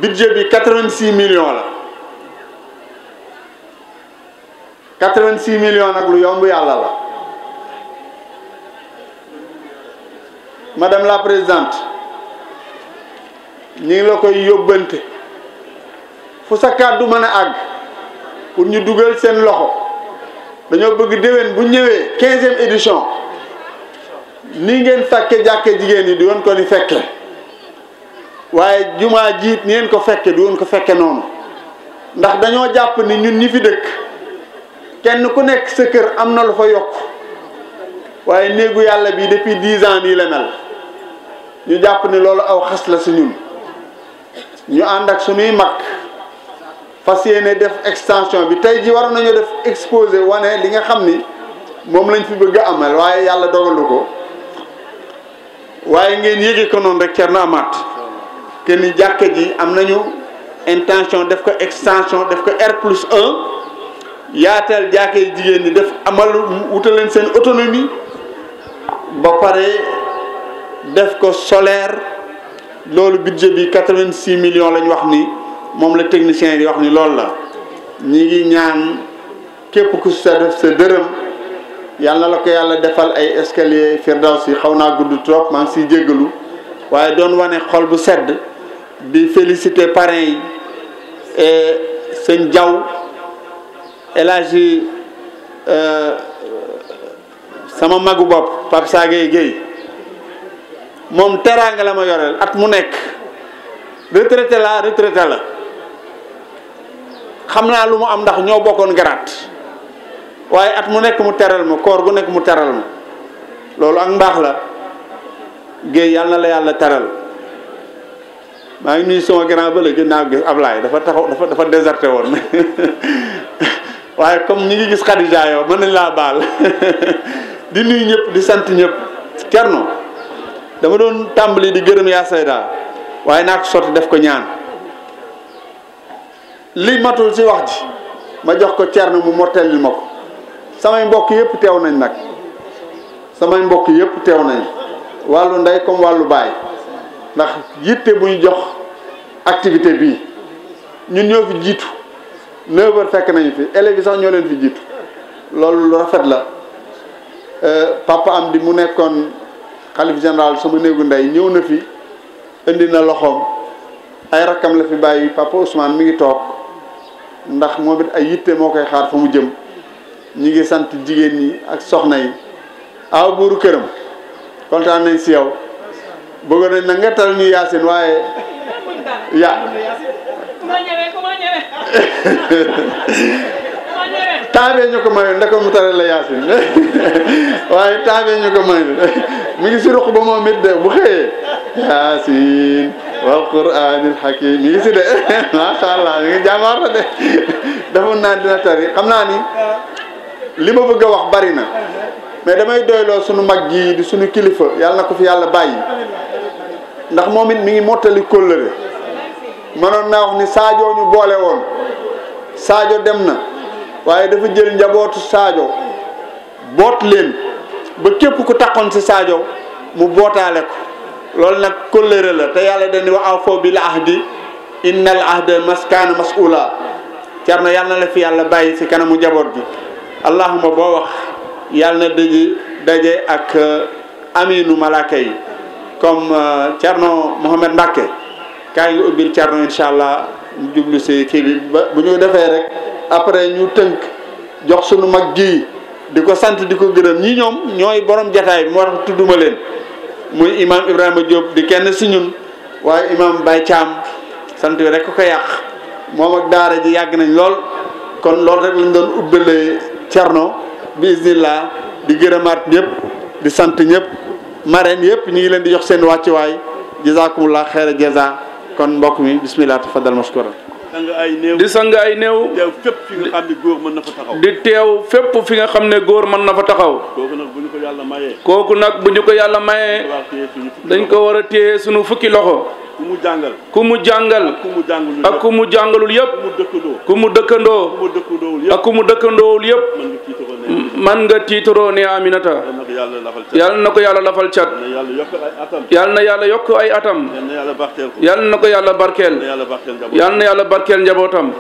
budget bi quatre-vingt-six millions la quatre-vingt-six millions nag lu yomb yàlla la madame la présidente ñu ngi la koy yóbbante fu sa kàddu mën a àgg pour ñu dugal seen loxo dañoo bëgg déwén bu ñëwee quinzième édition ni ngeen fekke jàkke jigéen yi di woon ko ni fekke waaye jumaa jiit ni ngeen ko fekke du woon ko fekke noonu ndax dañoo jàpp ni ñun ñu fi dëkk kenn ku nekk sa kër am na lu fa yokk waaye néegu yàlla bii depuis dix ans nii la mel ñu jàpp ni loolu aw xas la si ñun ñu ànd ak suñuy mag fas yéene def extension bi tey ji war nañu def exposé wane li nga xam ni moom lañ fi bëgg a amal waaye yàlla dogalu ko waaye ngeen yéege ko noonu rek Thierno kenn que ni jàkka ji am nañu intention def ko extention def ko R plus 1 yaatal jàkka yi jigéen ñi def amal wutal leen seen autonomie ba pare def ko solaire loolu budget bi 86 millions la ñu wax ni moom la technicien yi wax ni loolu la ñi ngi ñaan képp ku sa def sa dërëm. yàlla na la ko yàlla defal ay escalier firdaws yi xaw naa gudd trop maa ngi siy jéggalu waaye doon wane xol bu sedd di féliciter parents yi eh, sëñ Diaw El eh, sama magu bopp Pape Sagay Guèye moom teraanga la ma yoreel at mu nekk retraité la retraité la xam naa lu mu am ndax ñoo bokkoon garat waaye at mu nekk mu teral ma koor gu nekk mu teral ma loolu ak mbaax la géey yàlla la yàlla teral maa ngi nuyu sama grand bële gën naa gis Ablaye dafa taxaw dafa dafa déserté woon waaye comme ñi ngi gis Khadija yow mën nañ laa baal di nuyu ñëpp di sant ñëpp Thierno dama doon tàmbali di gërëm yaa sayda waaye naa ko sotti def ko ñaan li matul ci wax ji ma jox ko Thierno mu mortelil ma ko samay mbokk yëpp teew nañ nag samay mbokk yëpp teew nañ wàllu ndey comme wàllu baay ndax yitte bu jox activité bii ñun ñëw fi jiitu 9 fekk nañu fi élèves yi sax ñoo leen fi jiitu loolu lu rafet la euh, papa am di mu nekkoon xalif général sama néegu ndey ñëw na fi indi na loxoom ay rakkam la fi bàyyi papa Ousmane mi ngi toog ndax moom it ay yitte moo koy xaar fa mu jëm. ñi ngi sant jigéen ñi ak soxna yi aw buuru këram kontaan nañ si yow bëggoon nañ nag nga tal yaasin waaye ya taabee ñu ko mayoon ndako mu tare la yaasin waaye taabee ñu ko mayoon mi ngi si ruq ba moom it de bu xëyee yaasin wal quraanil hakiim mi ngi si de macha allah mi ngi jàmmaar de defoon naa dina tari xam naa li ma bëgg a wax bari na mais damay doyloo suñu mag ji di suñu kilifa yàlla na ko fi yàlla bàyyi ndax moom it mi ngi mottali kóllëre mënoon na wax ni Sadio mu boole woon Sadio dem na waaye dafa jël njabootu Sadio boot leen ba képp ku takkoon si saajo mu bootaale ko loolu nag kóllëre la te yàlla dañuy wax awfoo bil ahdi innal ahda maskaana mas'uula car na yàlla na la fi yàlla bàyyi si kanamu njaboot gi allahuma boo wax yàlla na dëgg daje ak euh, aminu malaaka yi comme euh, Thierno Mohamed Mbacke kaa ngi ubbil Thierno incha allah ñu jublu si kii bi ba bu ñu defee rek après ñu tënk jox sunu mag ji di ko sant di ko gërëm ñi ñoom ñooy borom jataay bi moo tax tudduma leen muy imam Ibrahima Diop di kenn si ñun waaye imam Baye Thiam sant rek ko yàq moom ak daara ji yàgg nañ lool kon loolu rek lañ doon ubbalee. Cerno bismillah di gërëmaat ñëpp di sant ñëpp marraine yëpp ñu ngi leen di jox seen wàccuwaay jazakumullah xeera jaza kon mbokk mi bismillah tafadal mashkuran di sang ay néew di teew fépp fi nga xam ne góor mën na fa taxaw fépp fi nga xam ne góor mën na fa taxaw kooku nag bu ñu ko yàlla mayee kooku nag bu ñu ko yàlla mayee dañ ko war a téye suñu fukki loxo ku mu jàngal ku mu jàngal ak ku mu jàngalul yëpp ku mu dëkkandoo a ku mu dëkkandoowul yépp man nga tiitaroo ne Aminata yal na ko yàlla lafal cat yal na yàlla yokk ay atam yal na ko yàlla barkeel yal na yàlla barkeel njabootam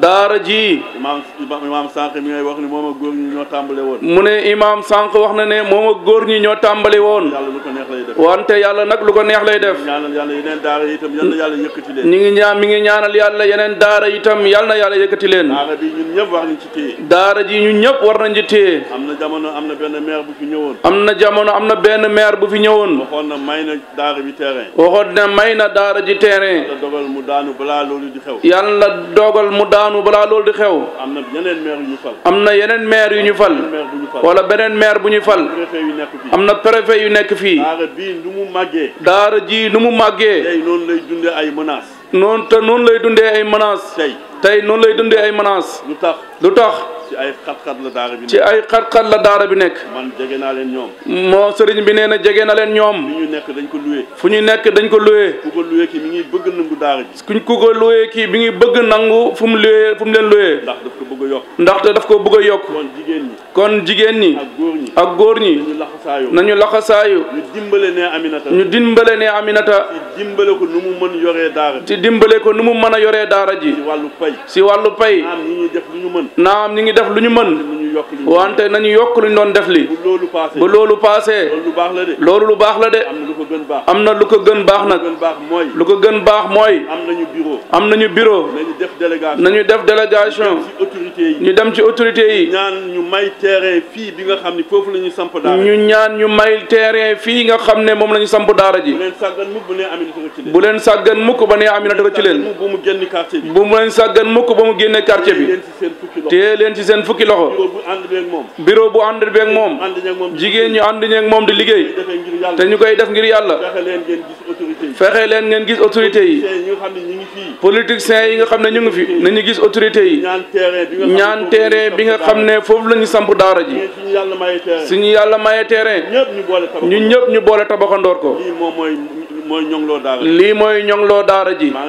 daara ji imaam sànq mi ngay wax ni moom ak góor ñi ñoo tàmbale woon mu ne imaam sànq wax na ne moom ak góor ñi ñoo tàmbale woon wante yàlla nag lu ko neex lay def yeneen daara itam yal na yàlla yëkkati leen. ñu ngi ñaan mi ngi ñaanal yàlla yeneen daara itam yal na yàlla yëkkati leen. daara bi ñun ñëpp war nañ ji ñun am na jamono am na benn maire bu fi ñëwoon. am na jamono am na benn na may na daara bi terrain. waxoon na may na daara ji terrain. yàlla dogal mu daanu balaa loolu di xew. yàlla am na yeneen maire yu ñu fal. am na yeneen yu ñu fal. wala beneen maire bu ñu fal. am na préfet yu nekk fii. daara ji nu mu màggee. non lay dundee ay menaces. noonu te noonu lay dundé ay menaces. tey tey lay dundee ay menaces. lu tax ci ay xat-xat la daara bi nekk ay xat-xat la daara bi nekk. man jege naa leen ñoom. moo sëriñ bi nee na jege na leen ñoom. fu ñu nekk dañ ko loué. fu ñu nekk dañ ko loué. ku ko loué kii mi ngi bëgg nangu daara ji. kuñ ku ko loué kii mi ngi bëgg nangu fu mu loué fu mu leen loué. ndax daf ko bëgg a yokk. ndaxte daf ko bëgg a yokk. kon jigéen ñi. kon jigéen ñi. ak góor ñi ak góor ñi. nañu laxasaayu nañu laxasaayu. ñu dimbale nee Aminata. ñu dimbale nee Aminata. ci dimbale ko nu mu mën yoree daara. ci dimbale ko nu mu mën a yoree daara ji. ci wàllu pay. ci wàllu pay. naam ñi ngi ñu mën. ngi def lu ñu mën wante nañu yokk lu ñu doon def li bu loolu paasee loolu lu baax la de am na lu ko gën baax nag lu ko gën baax mooy am na nañu bureau nañu def délégation ñu dem ci autorité yi ñaan ñu may terrain fii bi nga xam ne foofu la ñu samp ñu ñaan ñu may terrain fii nga xam ne moom la ñu samp daara ji bu leen sàggan mukk ba ne Aminata ci leen bu mu leen sàggan mukk ba mu génne quartier bi téye leen ci sen fukki loxo. bureau bu ànd beeg moom. mom. bu ñu ànd ñek mom di liggey te ñukay def ngir yalla fexé len ngeen gis autorité yi. politiciens yi nga xamne ñu ngi fi nañu gis autorité yi. ñaan terrain bi nga xamne fofu lañu samp daara ji. suñu yalla maye terrain. ñun ñep ñu boole tabaxandor ko. mooy ñongloo daara lii mooy ñongloo daara ji. maa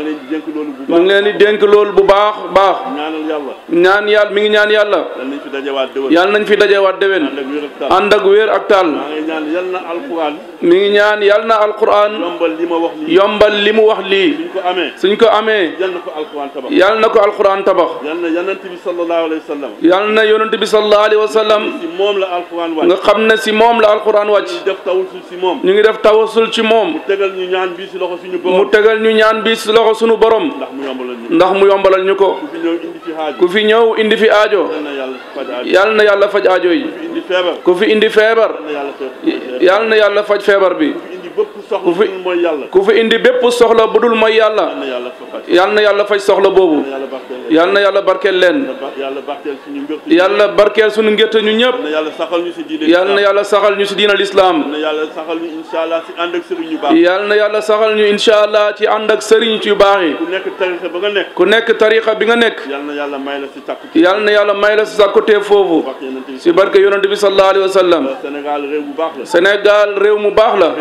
ngi leen di dénk loolu bu baax mi ngi leen di dénk loolu bu baax baax. ñaanal yàlla. ñaan yàlla yal na ñaan yàlla. yal nañ fi dajewaat déwén. yal nañ fi dajewaat déwén. ànd ak wér ak taal. maa ngi ñaan yal na al mi ngi na alquran. yombal li ma wax lii. yombal li mu wax lii. suñ ko amee. suñ ko amee. yal na ko alquran tabax. yal na ko alquran tabax. yal na yonent bi sallallahu alayhi wa sallam. yal na yonent bi sallallahu alayhi wa sallam. nga xam ne si moom la alquran wàcc. ñu ngi def tawasul ci moom. ñaan bi si suñu borom mu tegal ñu ñaan bi si loxo suñu borom. ndax mu yombalal ñu ko ndax mu yombalal ñu ko. ku fi ñëw indi fi ajo ku fi ñëw yal na yàlla faj aajo yi. ku fi indi feebar. ku fi indi feebar. yal na yàlla faj feebar bi. ku fi indi bépp soxla bu dul mooy yàlla yal na yàlla faj soxla boobu yal na yàlla barkeel leen yàlla barkeel suñu ngétte ñu ñëpp yal na yàlla saxal ñu si diina lislaam yal na yàlla saxal ñu incha allah ci ànd ak sëriñ ci yu baax yi ku nekk tarixa bi nga nekk yal na yàlla may la si sàkkutee foofu si barke yonente bi sallallahu alayhi wa sallam Sénégal réew mu baax la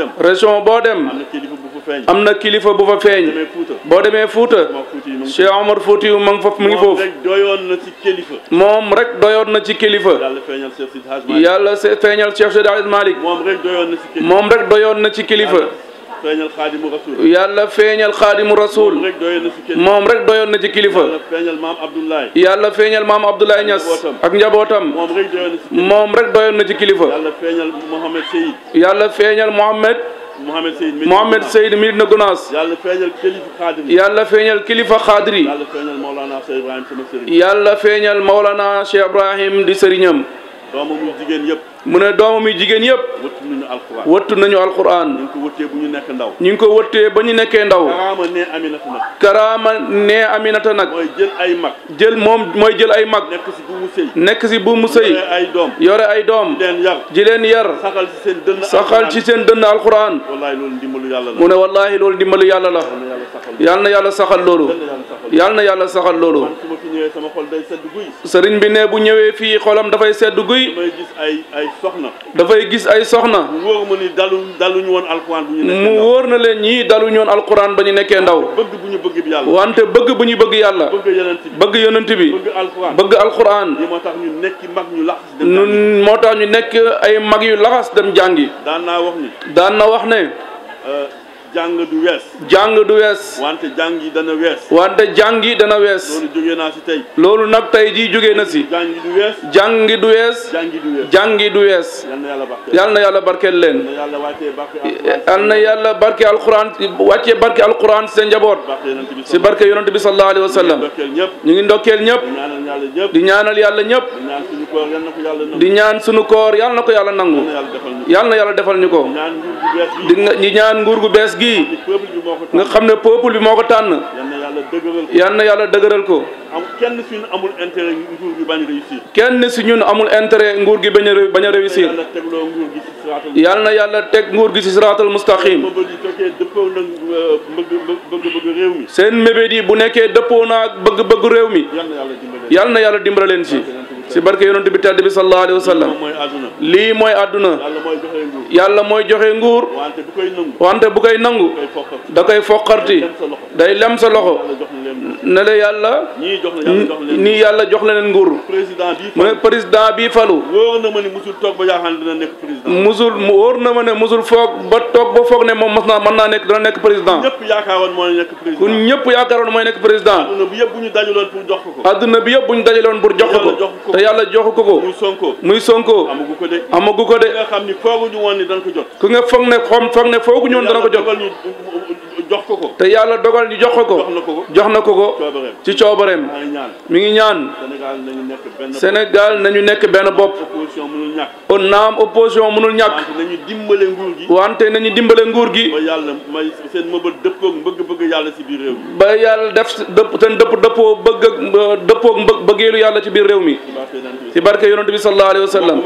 dem région boo dem am na kilifa bu fa feeñ am na kilifa bu fa feeñ boo demee Fuuta Cheikh Omar Fouti yu ma ngi foofu mu ngi foofu moom rek doyoon na ci kilifa yàlla feeñal Cheikh Seydi Hadj Malick moom rek doyoon na ci kilifa feeñal xaadimu rasul yàlla feeñal xaadimu rasul moom rek doyoon na ci kilifa yàlla feeñal maam Abdoulaye Niass ak njabootam moom rek doyoon na ci kilifa yàlla feeñal Mohamed Mohamed Seyid mi Mohamed Seyid mi na Gunaas. yàlla feeñal kilifa xaadiri. yàlla feeñal kilifa xaadiri. yàlla feeñal Maolana Cheikh Ibrahim sama sëriñ. yàlla feeñal Maolana Cheikh Ibrahim di sëriñam. doomam yu jigéen yëpp. mu ne doomam yi jigéen yëpp. wattu nañu alquran wattu ñu ngi ko wëttee bu ñu nekk ndaw. ñu ngi ko wëttee ba ñu nekkee ndaw. karaama nee aminata nag. karaama nee aminata nag. mooy jël ay mag. jël moom mooy jël ay mag. nekk si bu sëy. nekk si bu mu sëy. yore ay doom. yore ay doom. di leen yar. di leen yar. saxal ci seen dënn. saxal ci seen dënn alquran. wallaahi loolu ndimbalu yàlla la. mu ne wallaahi loolu ndimbalu yàlla la. yal na yàlla saxal loolu. yal na yàlla saxal loolu. sëriñ bi ne bu ñëwee fii xolam dafay sedd guy. damay gis ay ay soxna. dafay gis ay soxna. mu wóor ma ni dalu woon alquran bu ñu mu wóor na leen ñii daluñu woon alquran ba ñu nekkee ndaw. bëgg bu ñu bëgg yàlla. wante bëgg bu ñu bëgg yàlla. bëgg yonent bi bëgg yonent bi. bëgg alquran bëgg alquran. moo tax ñu nekk mag ñu laxas moo tax ñu nekk ay mag yu laxas dem jàngi. daan naa wax na wax ne. Euh, jàng du wees. jàng du wees. wante jàng yi dana wees. wante jàng dana wees. loolu jógee naa si tey. loolu nag tey jii jógee na si. jàng du wees. jàng du wees. jàng du wees. yal na yàlla barkeel leen. yal na yàlla barke alquran wàccee barke alquran seen njaboot. si barke yonent bi sallallahu alayhi wa sallam. ñu ngi ndokkeel ñëpp. di ñaanal yàlla ñëpp. di ñaan sunu koor yal na ko yàlla nangu. yal na yàlla defal ñu ko. di ñaan nguur gu bees gi nga xamne peuple bi moko tan yalla yalla deugural ko kenn si ñun amul intérêt nguur gi bañ réussir kenn si ñun amul intérêt nguur gi bañ a bañ réussir yal na yàlla teg nguur gi si siraatal mustaqim sen mébét yi bu nekké dëppoo naa bëgg-bëgg réew mi yalla na yàlla dimbale ci ci barke yonent bi tedd bi sallallahu alayhi wa sallam lii mooy àdduna yàlla mooy joxe nguur wante bu koy nangu da koy foqarti day lem sa loxo ne la yàlla nii yàlla jox leneen nguur mu ne président bii falu wóor na ma ne musul toog na ma ne musul foog ba toog ba foog ne moom mas naa mën naa nekk dina nekk président ñëpp yaakaaroon mooy nekk président kun ñëpp yaakaaroon mooy nekk président adduna bi yëpp bu ñu ñu dajaloon pour jox ko yàlla jox ko ko. muy Sonko muy Sonko. amagu ko de amagu ko de. ku xam ni foogu ñu woon ni dana ko jot. ku nga foog ne xom foog ne foogu ñu woon dana ko jot. jox ko ko te yàlla dogal ñu jox ko ko jox na ko ko ci coobareem mu ngi ñaan Sénégal nañu nekk benn bopp o naam opposition mënul ñàkk wante nañu dimbale nguur gi ba yàlla may seen mëbët dëppoog bëgg-bëgg yàlla ci biir réew mi ba yàlla def dëpp seen dëpp dëppoo bëgg ak dëppoog bëggeelu yàlla ci biir réew mi ci barke yonent bi sallallahu alayhi wa sallam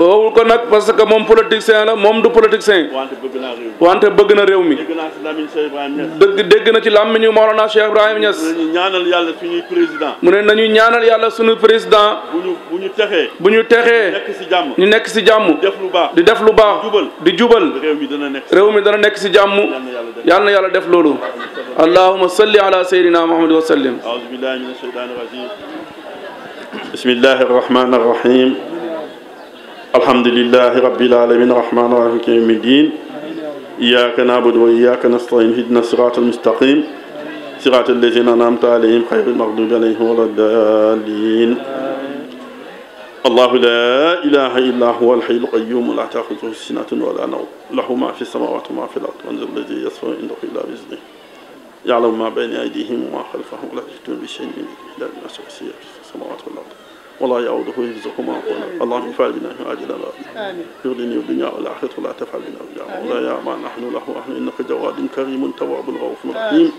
wowul ko nag parce que moom politicien la moom du politicien wante بغنا ريومي دغ دغ نا سي لامي نيو مولانا شيخ ابراهيم نياس نيانال يالا سوني بريزيدان مون ناني نيانال يالا سوني بريزيدان بونو بونو تخي بونو تخي نيك سي جام ني نيك سي جام ديف لو با دي ديف لو با جوبل دي جوبل ريومي دانا نيك ريومي دانا نيك سي جام يالنا يالا ديف لولو اللهم صل على سيدنا محمد وسلم بسم الله الرحمن الرحيم الحمد لله رب العالمين الرحمن الرحيم الدين إياك نعبد وإياك نستعين اهدنا الصراط المستقيم صراط الذين أنعمت عليهم خير المغضوب عليهم ولا الضالين الله لا إله إلا هو الحي القيوم لا تأخذه سنة ولا نوم له ما في السماوات وما في الأرض من الذي يصفى عنده إلا بإذنه يعلم ما بين أيديهم وما خلفهم ولا يحيطون بشيء من إلا بما شاء في السماوات والأرض ولا يعوده حفظهما اللهم اجعل بنا عاجلا في الدنيا والدنيا والآخرة ولا تفعل بنا ولا يا ما نحن له نحن إنك جواد كريم تواب الغوف الرحيم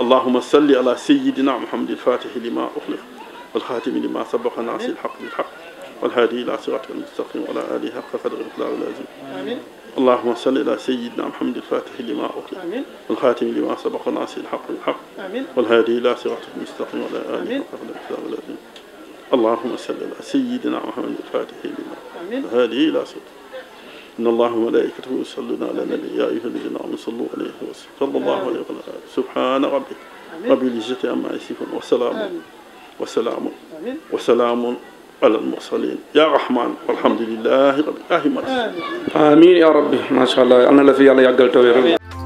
اللهم صل على سيدنا محمد الفاتح لما أخلق والخاتم لما سبق ناسي الحق بالحق والهادي إلى صراطك المستقيم وعلى آله حق قدر الإقلال والعزيم اللهم صل على سيدنا محمد الفاتح لما أخلق والخاتم لما سبق ناسي الحق للحق والهادي إلى صراطك المستقيم وعلى آله حق قدر الإقلال والعزيم اللهم صل على سيدنا محمد الفاتح لما هذه لا صدق إن الله وملائكته يصلون على النبي يا أيها الذين آمنوا صلوا عليه وسلم صلى الله عليه وسلم سبحان ربك رب العزة عما يصفون وسلام وسلام وسلام على المرسلين يا رحمن والحمد لله رب العالمين آمين يا ربي ما شاء الله أنا لا في الله يا رب